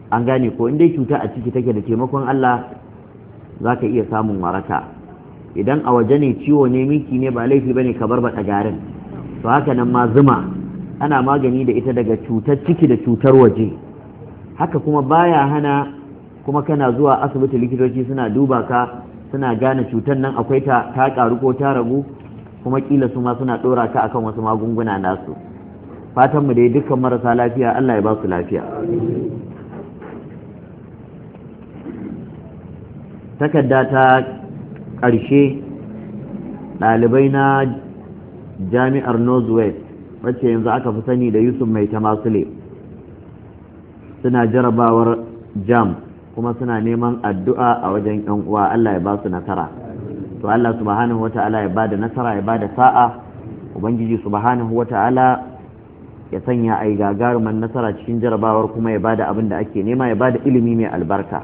an gane ko in dai cuta a ciki take da taimakon Allah za ka iya samun waraka idan a waje ne ciwo ne miki ne ba laifi bane ka baɗa garin to haka nan ma zuma ana magani da ita daga cutar ciki da cutar waje haka kuma baya hana kuma kana zuwa asibiti likitoci suna duba ka suna gane cutar nan akwai ta ta karu ko ta ragu kuma kila su ma suna ɗora ka akan wasu magunguna nasu fatan mu dai dukkan marasa lafiya Allah ya ba su lafiya takarda ta ƙarshe ɗalibai na jami'ar northwest wacce yanzu aka fi sani da yusuf mai tamasule suna jarabawar jam kuma suna neman addu'a a wajen yan uwa allah ya ba su nasara to allah subhanahu wata'ala ya ba da nasara ya ba da sa'a ubangiji subhanahu wata'ala ya sanya a yi gagaruman nasara cikin jarabawar kuma ya ba da abin da ake nema ya ba da ilimi mai albarka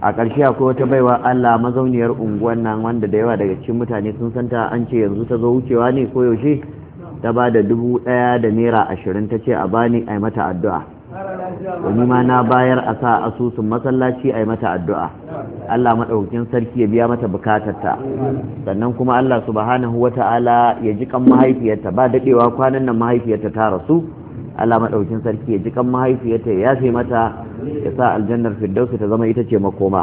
a ƙarshe akwai wata baiwa Allah mazauniyar unguwan nan wanda da yawa daga cikin mutane sun santa an ce yanzu ta zo wucewa ne ko yaushe ta ba da dubu ɗaya da naira ashirin ta ce a bani a yi mata addu'a wani ma na bayar a sa asusun masallaci a yi mata addu'a Allah maɗaukin sarki ya biya mata bukatarta sannan kuma Allah subhanahu wata'ala ya ji kan mahaifiyarta ba daɗewa kwanan nan mahaifiyarta ta rasu Allah madaukin sarki ya ji kan mahaifiyarta ya yafe mata ya sa aljannar firdausi ta zama ita ce makoma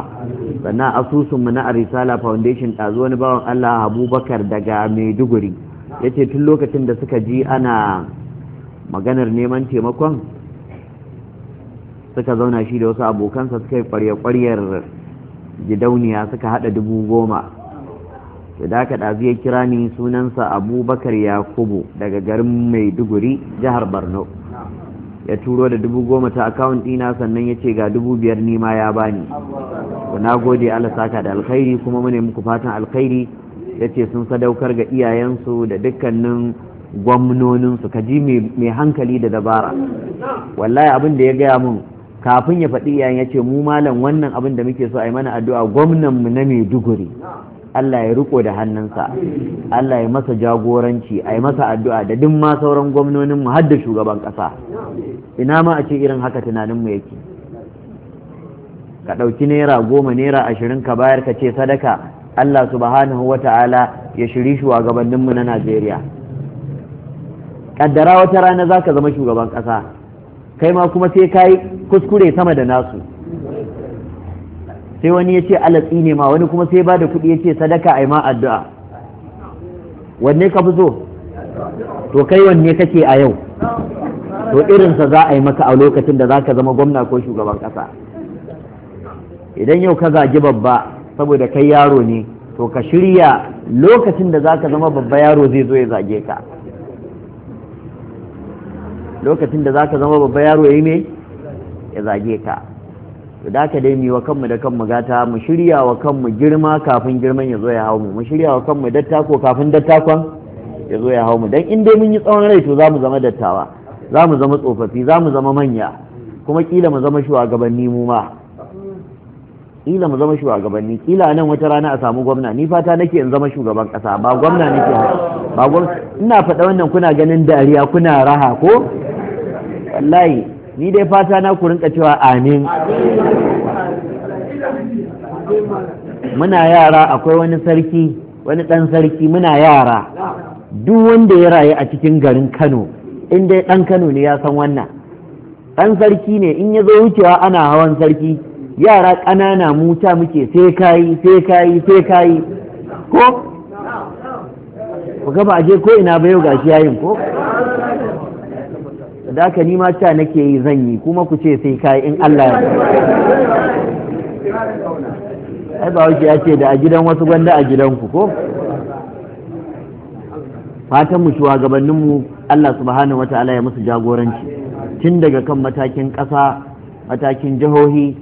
sannan asusun mu na arisala foundation ɗazu wani bawan Allah abubakar daga maiduguri ya ce tun lokacin da suka ji ana maganar neman taimakon suka zauna shi da wasu abokansa suka yi kwarya-kwaryar gidauniya suka haɗa dubu goma da aka ɗazu ya kira ni sunansa abubakar yakubu daga garin maiduguri jihar borno ya turo da dubu goma ta akawun ɗina sannan ya ce ga dubu biyar nima ya bani na gode ala saka da alkhairi kuma mune muku fatan alkhairi ya ce sun sadaukar ga iyayensu da dukkanin gwamnoninsu ka ji mai hankali da dabara wallahi abin da ya gaya mun kafin ya faɗi iyayen ya ce mu malam wannan abin da muke so a yi mana addu'a gwamnanmu na mai duguri. Allah ya riko da hannunsa Allah ya masa jagoranci a yi masa addu'a da duk ma sauran gwamnonin mu har da shugaban ƙasa ina ma a ce irin haka tunanin mu yake ka ɗauki naira goma naira ashirin ka bayar ka ce sadaka Allah subhanahu wa ta'ala ya shiri mu na Najeriya kaddara wata rana za ka zama shugaban ƙasa kai ma kuma sai ka kuskure sama da nasu sai wani ya ce alatsi ne ma wani kuma sai ba da kuɗi ya ce sadaka a ma addu'a wanne ka fi so to kai wanne kake a yau to irinsa za a yi maka a lokacin da za ka zama gwamna ko shugaban ƙasa idan yau ka zagi babba saboda kai yaro ne to ka shirya lokacin da za ka zama babba yaro zai zo ya zage ka lokacin da za ka zama babba yaro ya yi ya zage ka to da ka dai wa kanmu da kanmu gata mu shirya wa kanmu girma kafin girman ya zo ya hau mu mu shirya wa kanmu dattako kafin dattakon ya zo ya hau mu dan in dai mun yi tsawon rai to za mu zama dattawa za mu zama tsofaffi za mu zama manya kuma kila mu zama shugabanni mu ma kila mu zama shugabanni kila nan wata rana a samu gwamna ni fata nake in zama shugaban kasa ba gwamna nake ba gwamna ina faɗa wannan kuna ganin dariya kuna raha ko wallahi ni dai fata na ku rinka cewa amin muna yara akwai wani sarki wani ɗan sarki muna yara duk wanda ya rayu a cikin garin kano in dai ɗan kano ne ya san wannan ɗan sarki ne in ya zo wucewa ana hawan sarki yara ƙanana muta muke sai kayi sai kayi sai kayi ko ku gaba je ko ina ba yau gashi yayin ko da ni ma ta nake yi zan yi kuma ku ce sai kai in Allah ya ai ba wuce ya da a gidan wasu gwanda a gidanku ko fatan mu shugabannin mu Allah subhanahu wataala ya musu jagoranci tun daga kan matakin ƙasa matakin jihohi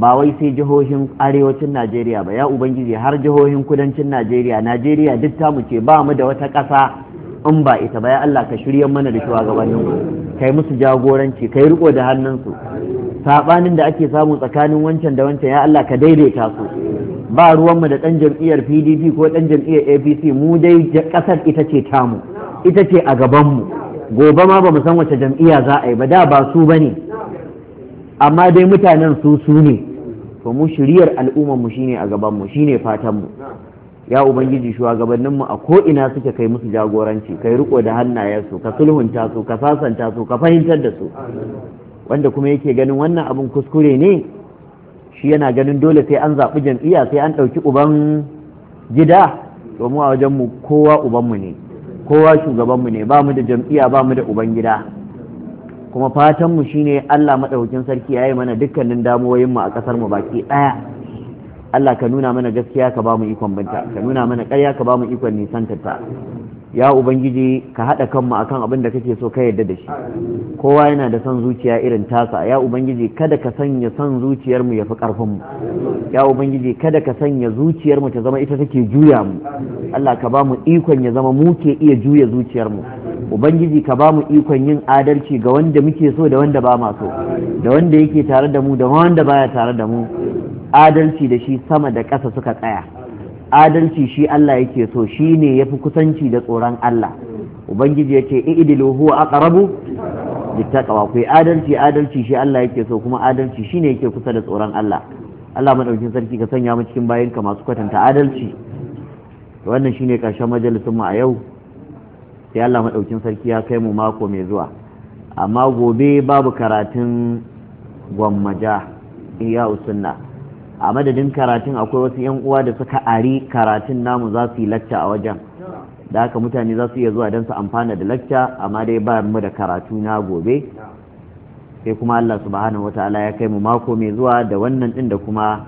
ba wai sai jihohin arewacin Najeriya ba ya ubangiji har jihohin kudancin Najeriya Najeriya duk mu ce ba mu da wata ƙasa in ba ita ba ya Allah ka shirya mana da shugabannin mu kai musu jagoranci kai riko da hannunsu sabanin da ake samu tsakanin wancan da wancan ya Allah ka daidaita su ba ruwan mu da ɗan jam'iyyar PDP ko ɗan jam'iyyar APC mu dai kasar ita ce tamu ita ce a mu gobe ma ba mu san wace jam'iyya za a yi ba da ba su bane amma dai mutanen su su ne to mu shiriyar al'ummar mu shine a mu shine fatan mu ya ubangiji shugabanninmu a ko ina suke kai musu jagoranci kai riko da hannayensu ka sulhunta su ka sasanta su ka fahimtar da su wanda kuma yake ganin wannan abin kuskure ne shi yana ganin dole sai an zaɓi jam'iyya sai an ɗauki uban gida domin a wajenmu kowa ubanmu ne kowa shugabanmu ne ba mu da jam'iyya ba mu da uban gida kuma fatanmu shine allah maɗaukin sarki ya yi mana dukkanin mu a kasar mu baki ɗaya Allah ka nuna mana gaskiya ka ba mu ikon binta ka nuna mana ƙarya ka ba mu ikon ta. ya ubangiji ka haɗa kanmu akan abin da kake so ka yarda da shi kowa yana da son zuciya irin tasa ya ubangiji kada ka sanya son zuciyar mu yafi ƙarfin mu ya ubangiji kada ka sanya zuciyar mu ta zama ita take juya mu Allah ka ba mu ikon ya zama mu ke iya juya zuciyar mu ubangiji ka ba mu ikon yin adalci ga wanda muke so da wanda ba ma so da wanda yake tare da mu da wanda baya tare da mu adalci da shi sama da ƙasa suka tsaya adalci shi Allah yake so shi ne ya fi kusanci da tsoron Allah ubangiji ya ce idilu huwa aqrabu littaqwa ku adalci adalci shi Allah yake so kuma adalci shi ne yake kusa da tsoron Allah Allah madaukin sarki ka sanya mu cikin ka masu kwatanta adalci wannan shi ne karshen majalisun mu a yau sai Allah madaukin sarki ya kai mu mako mai zuwa amma gobe babu karatun gwammaja iya usunna a madadin karatun akwai wasu yan uwa da suka ari karatun namu za su yi lacca a wajen da haka mutane za su iya zuwa don su amfana da lacca amma dai ba mu da karatu na gobe sai kuma Allah subhanahu wataala ya kai mu mako mai zuwa da wannan din da kuma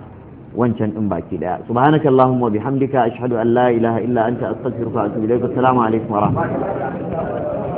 wancan din baki daya subhanaka allahumma bihamdika ashhadu an la ilaha illa anta astaghfiruka wa atubu ilaik assalamu alaikum wa rahmatullahi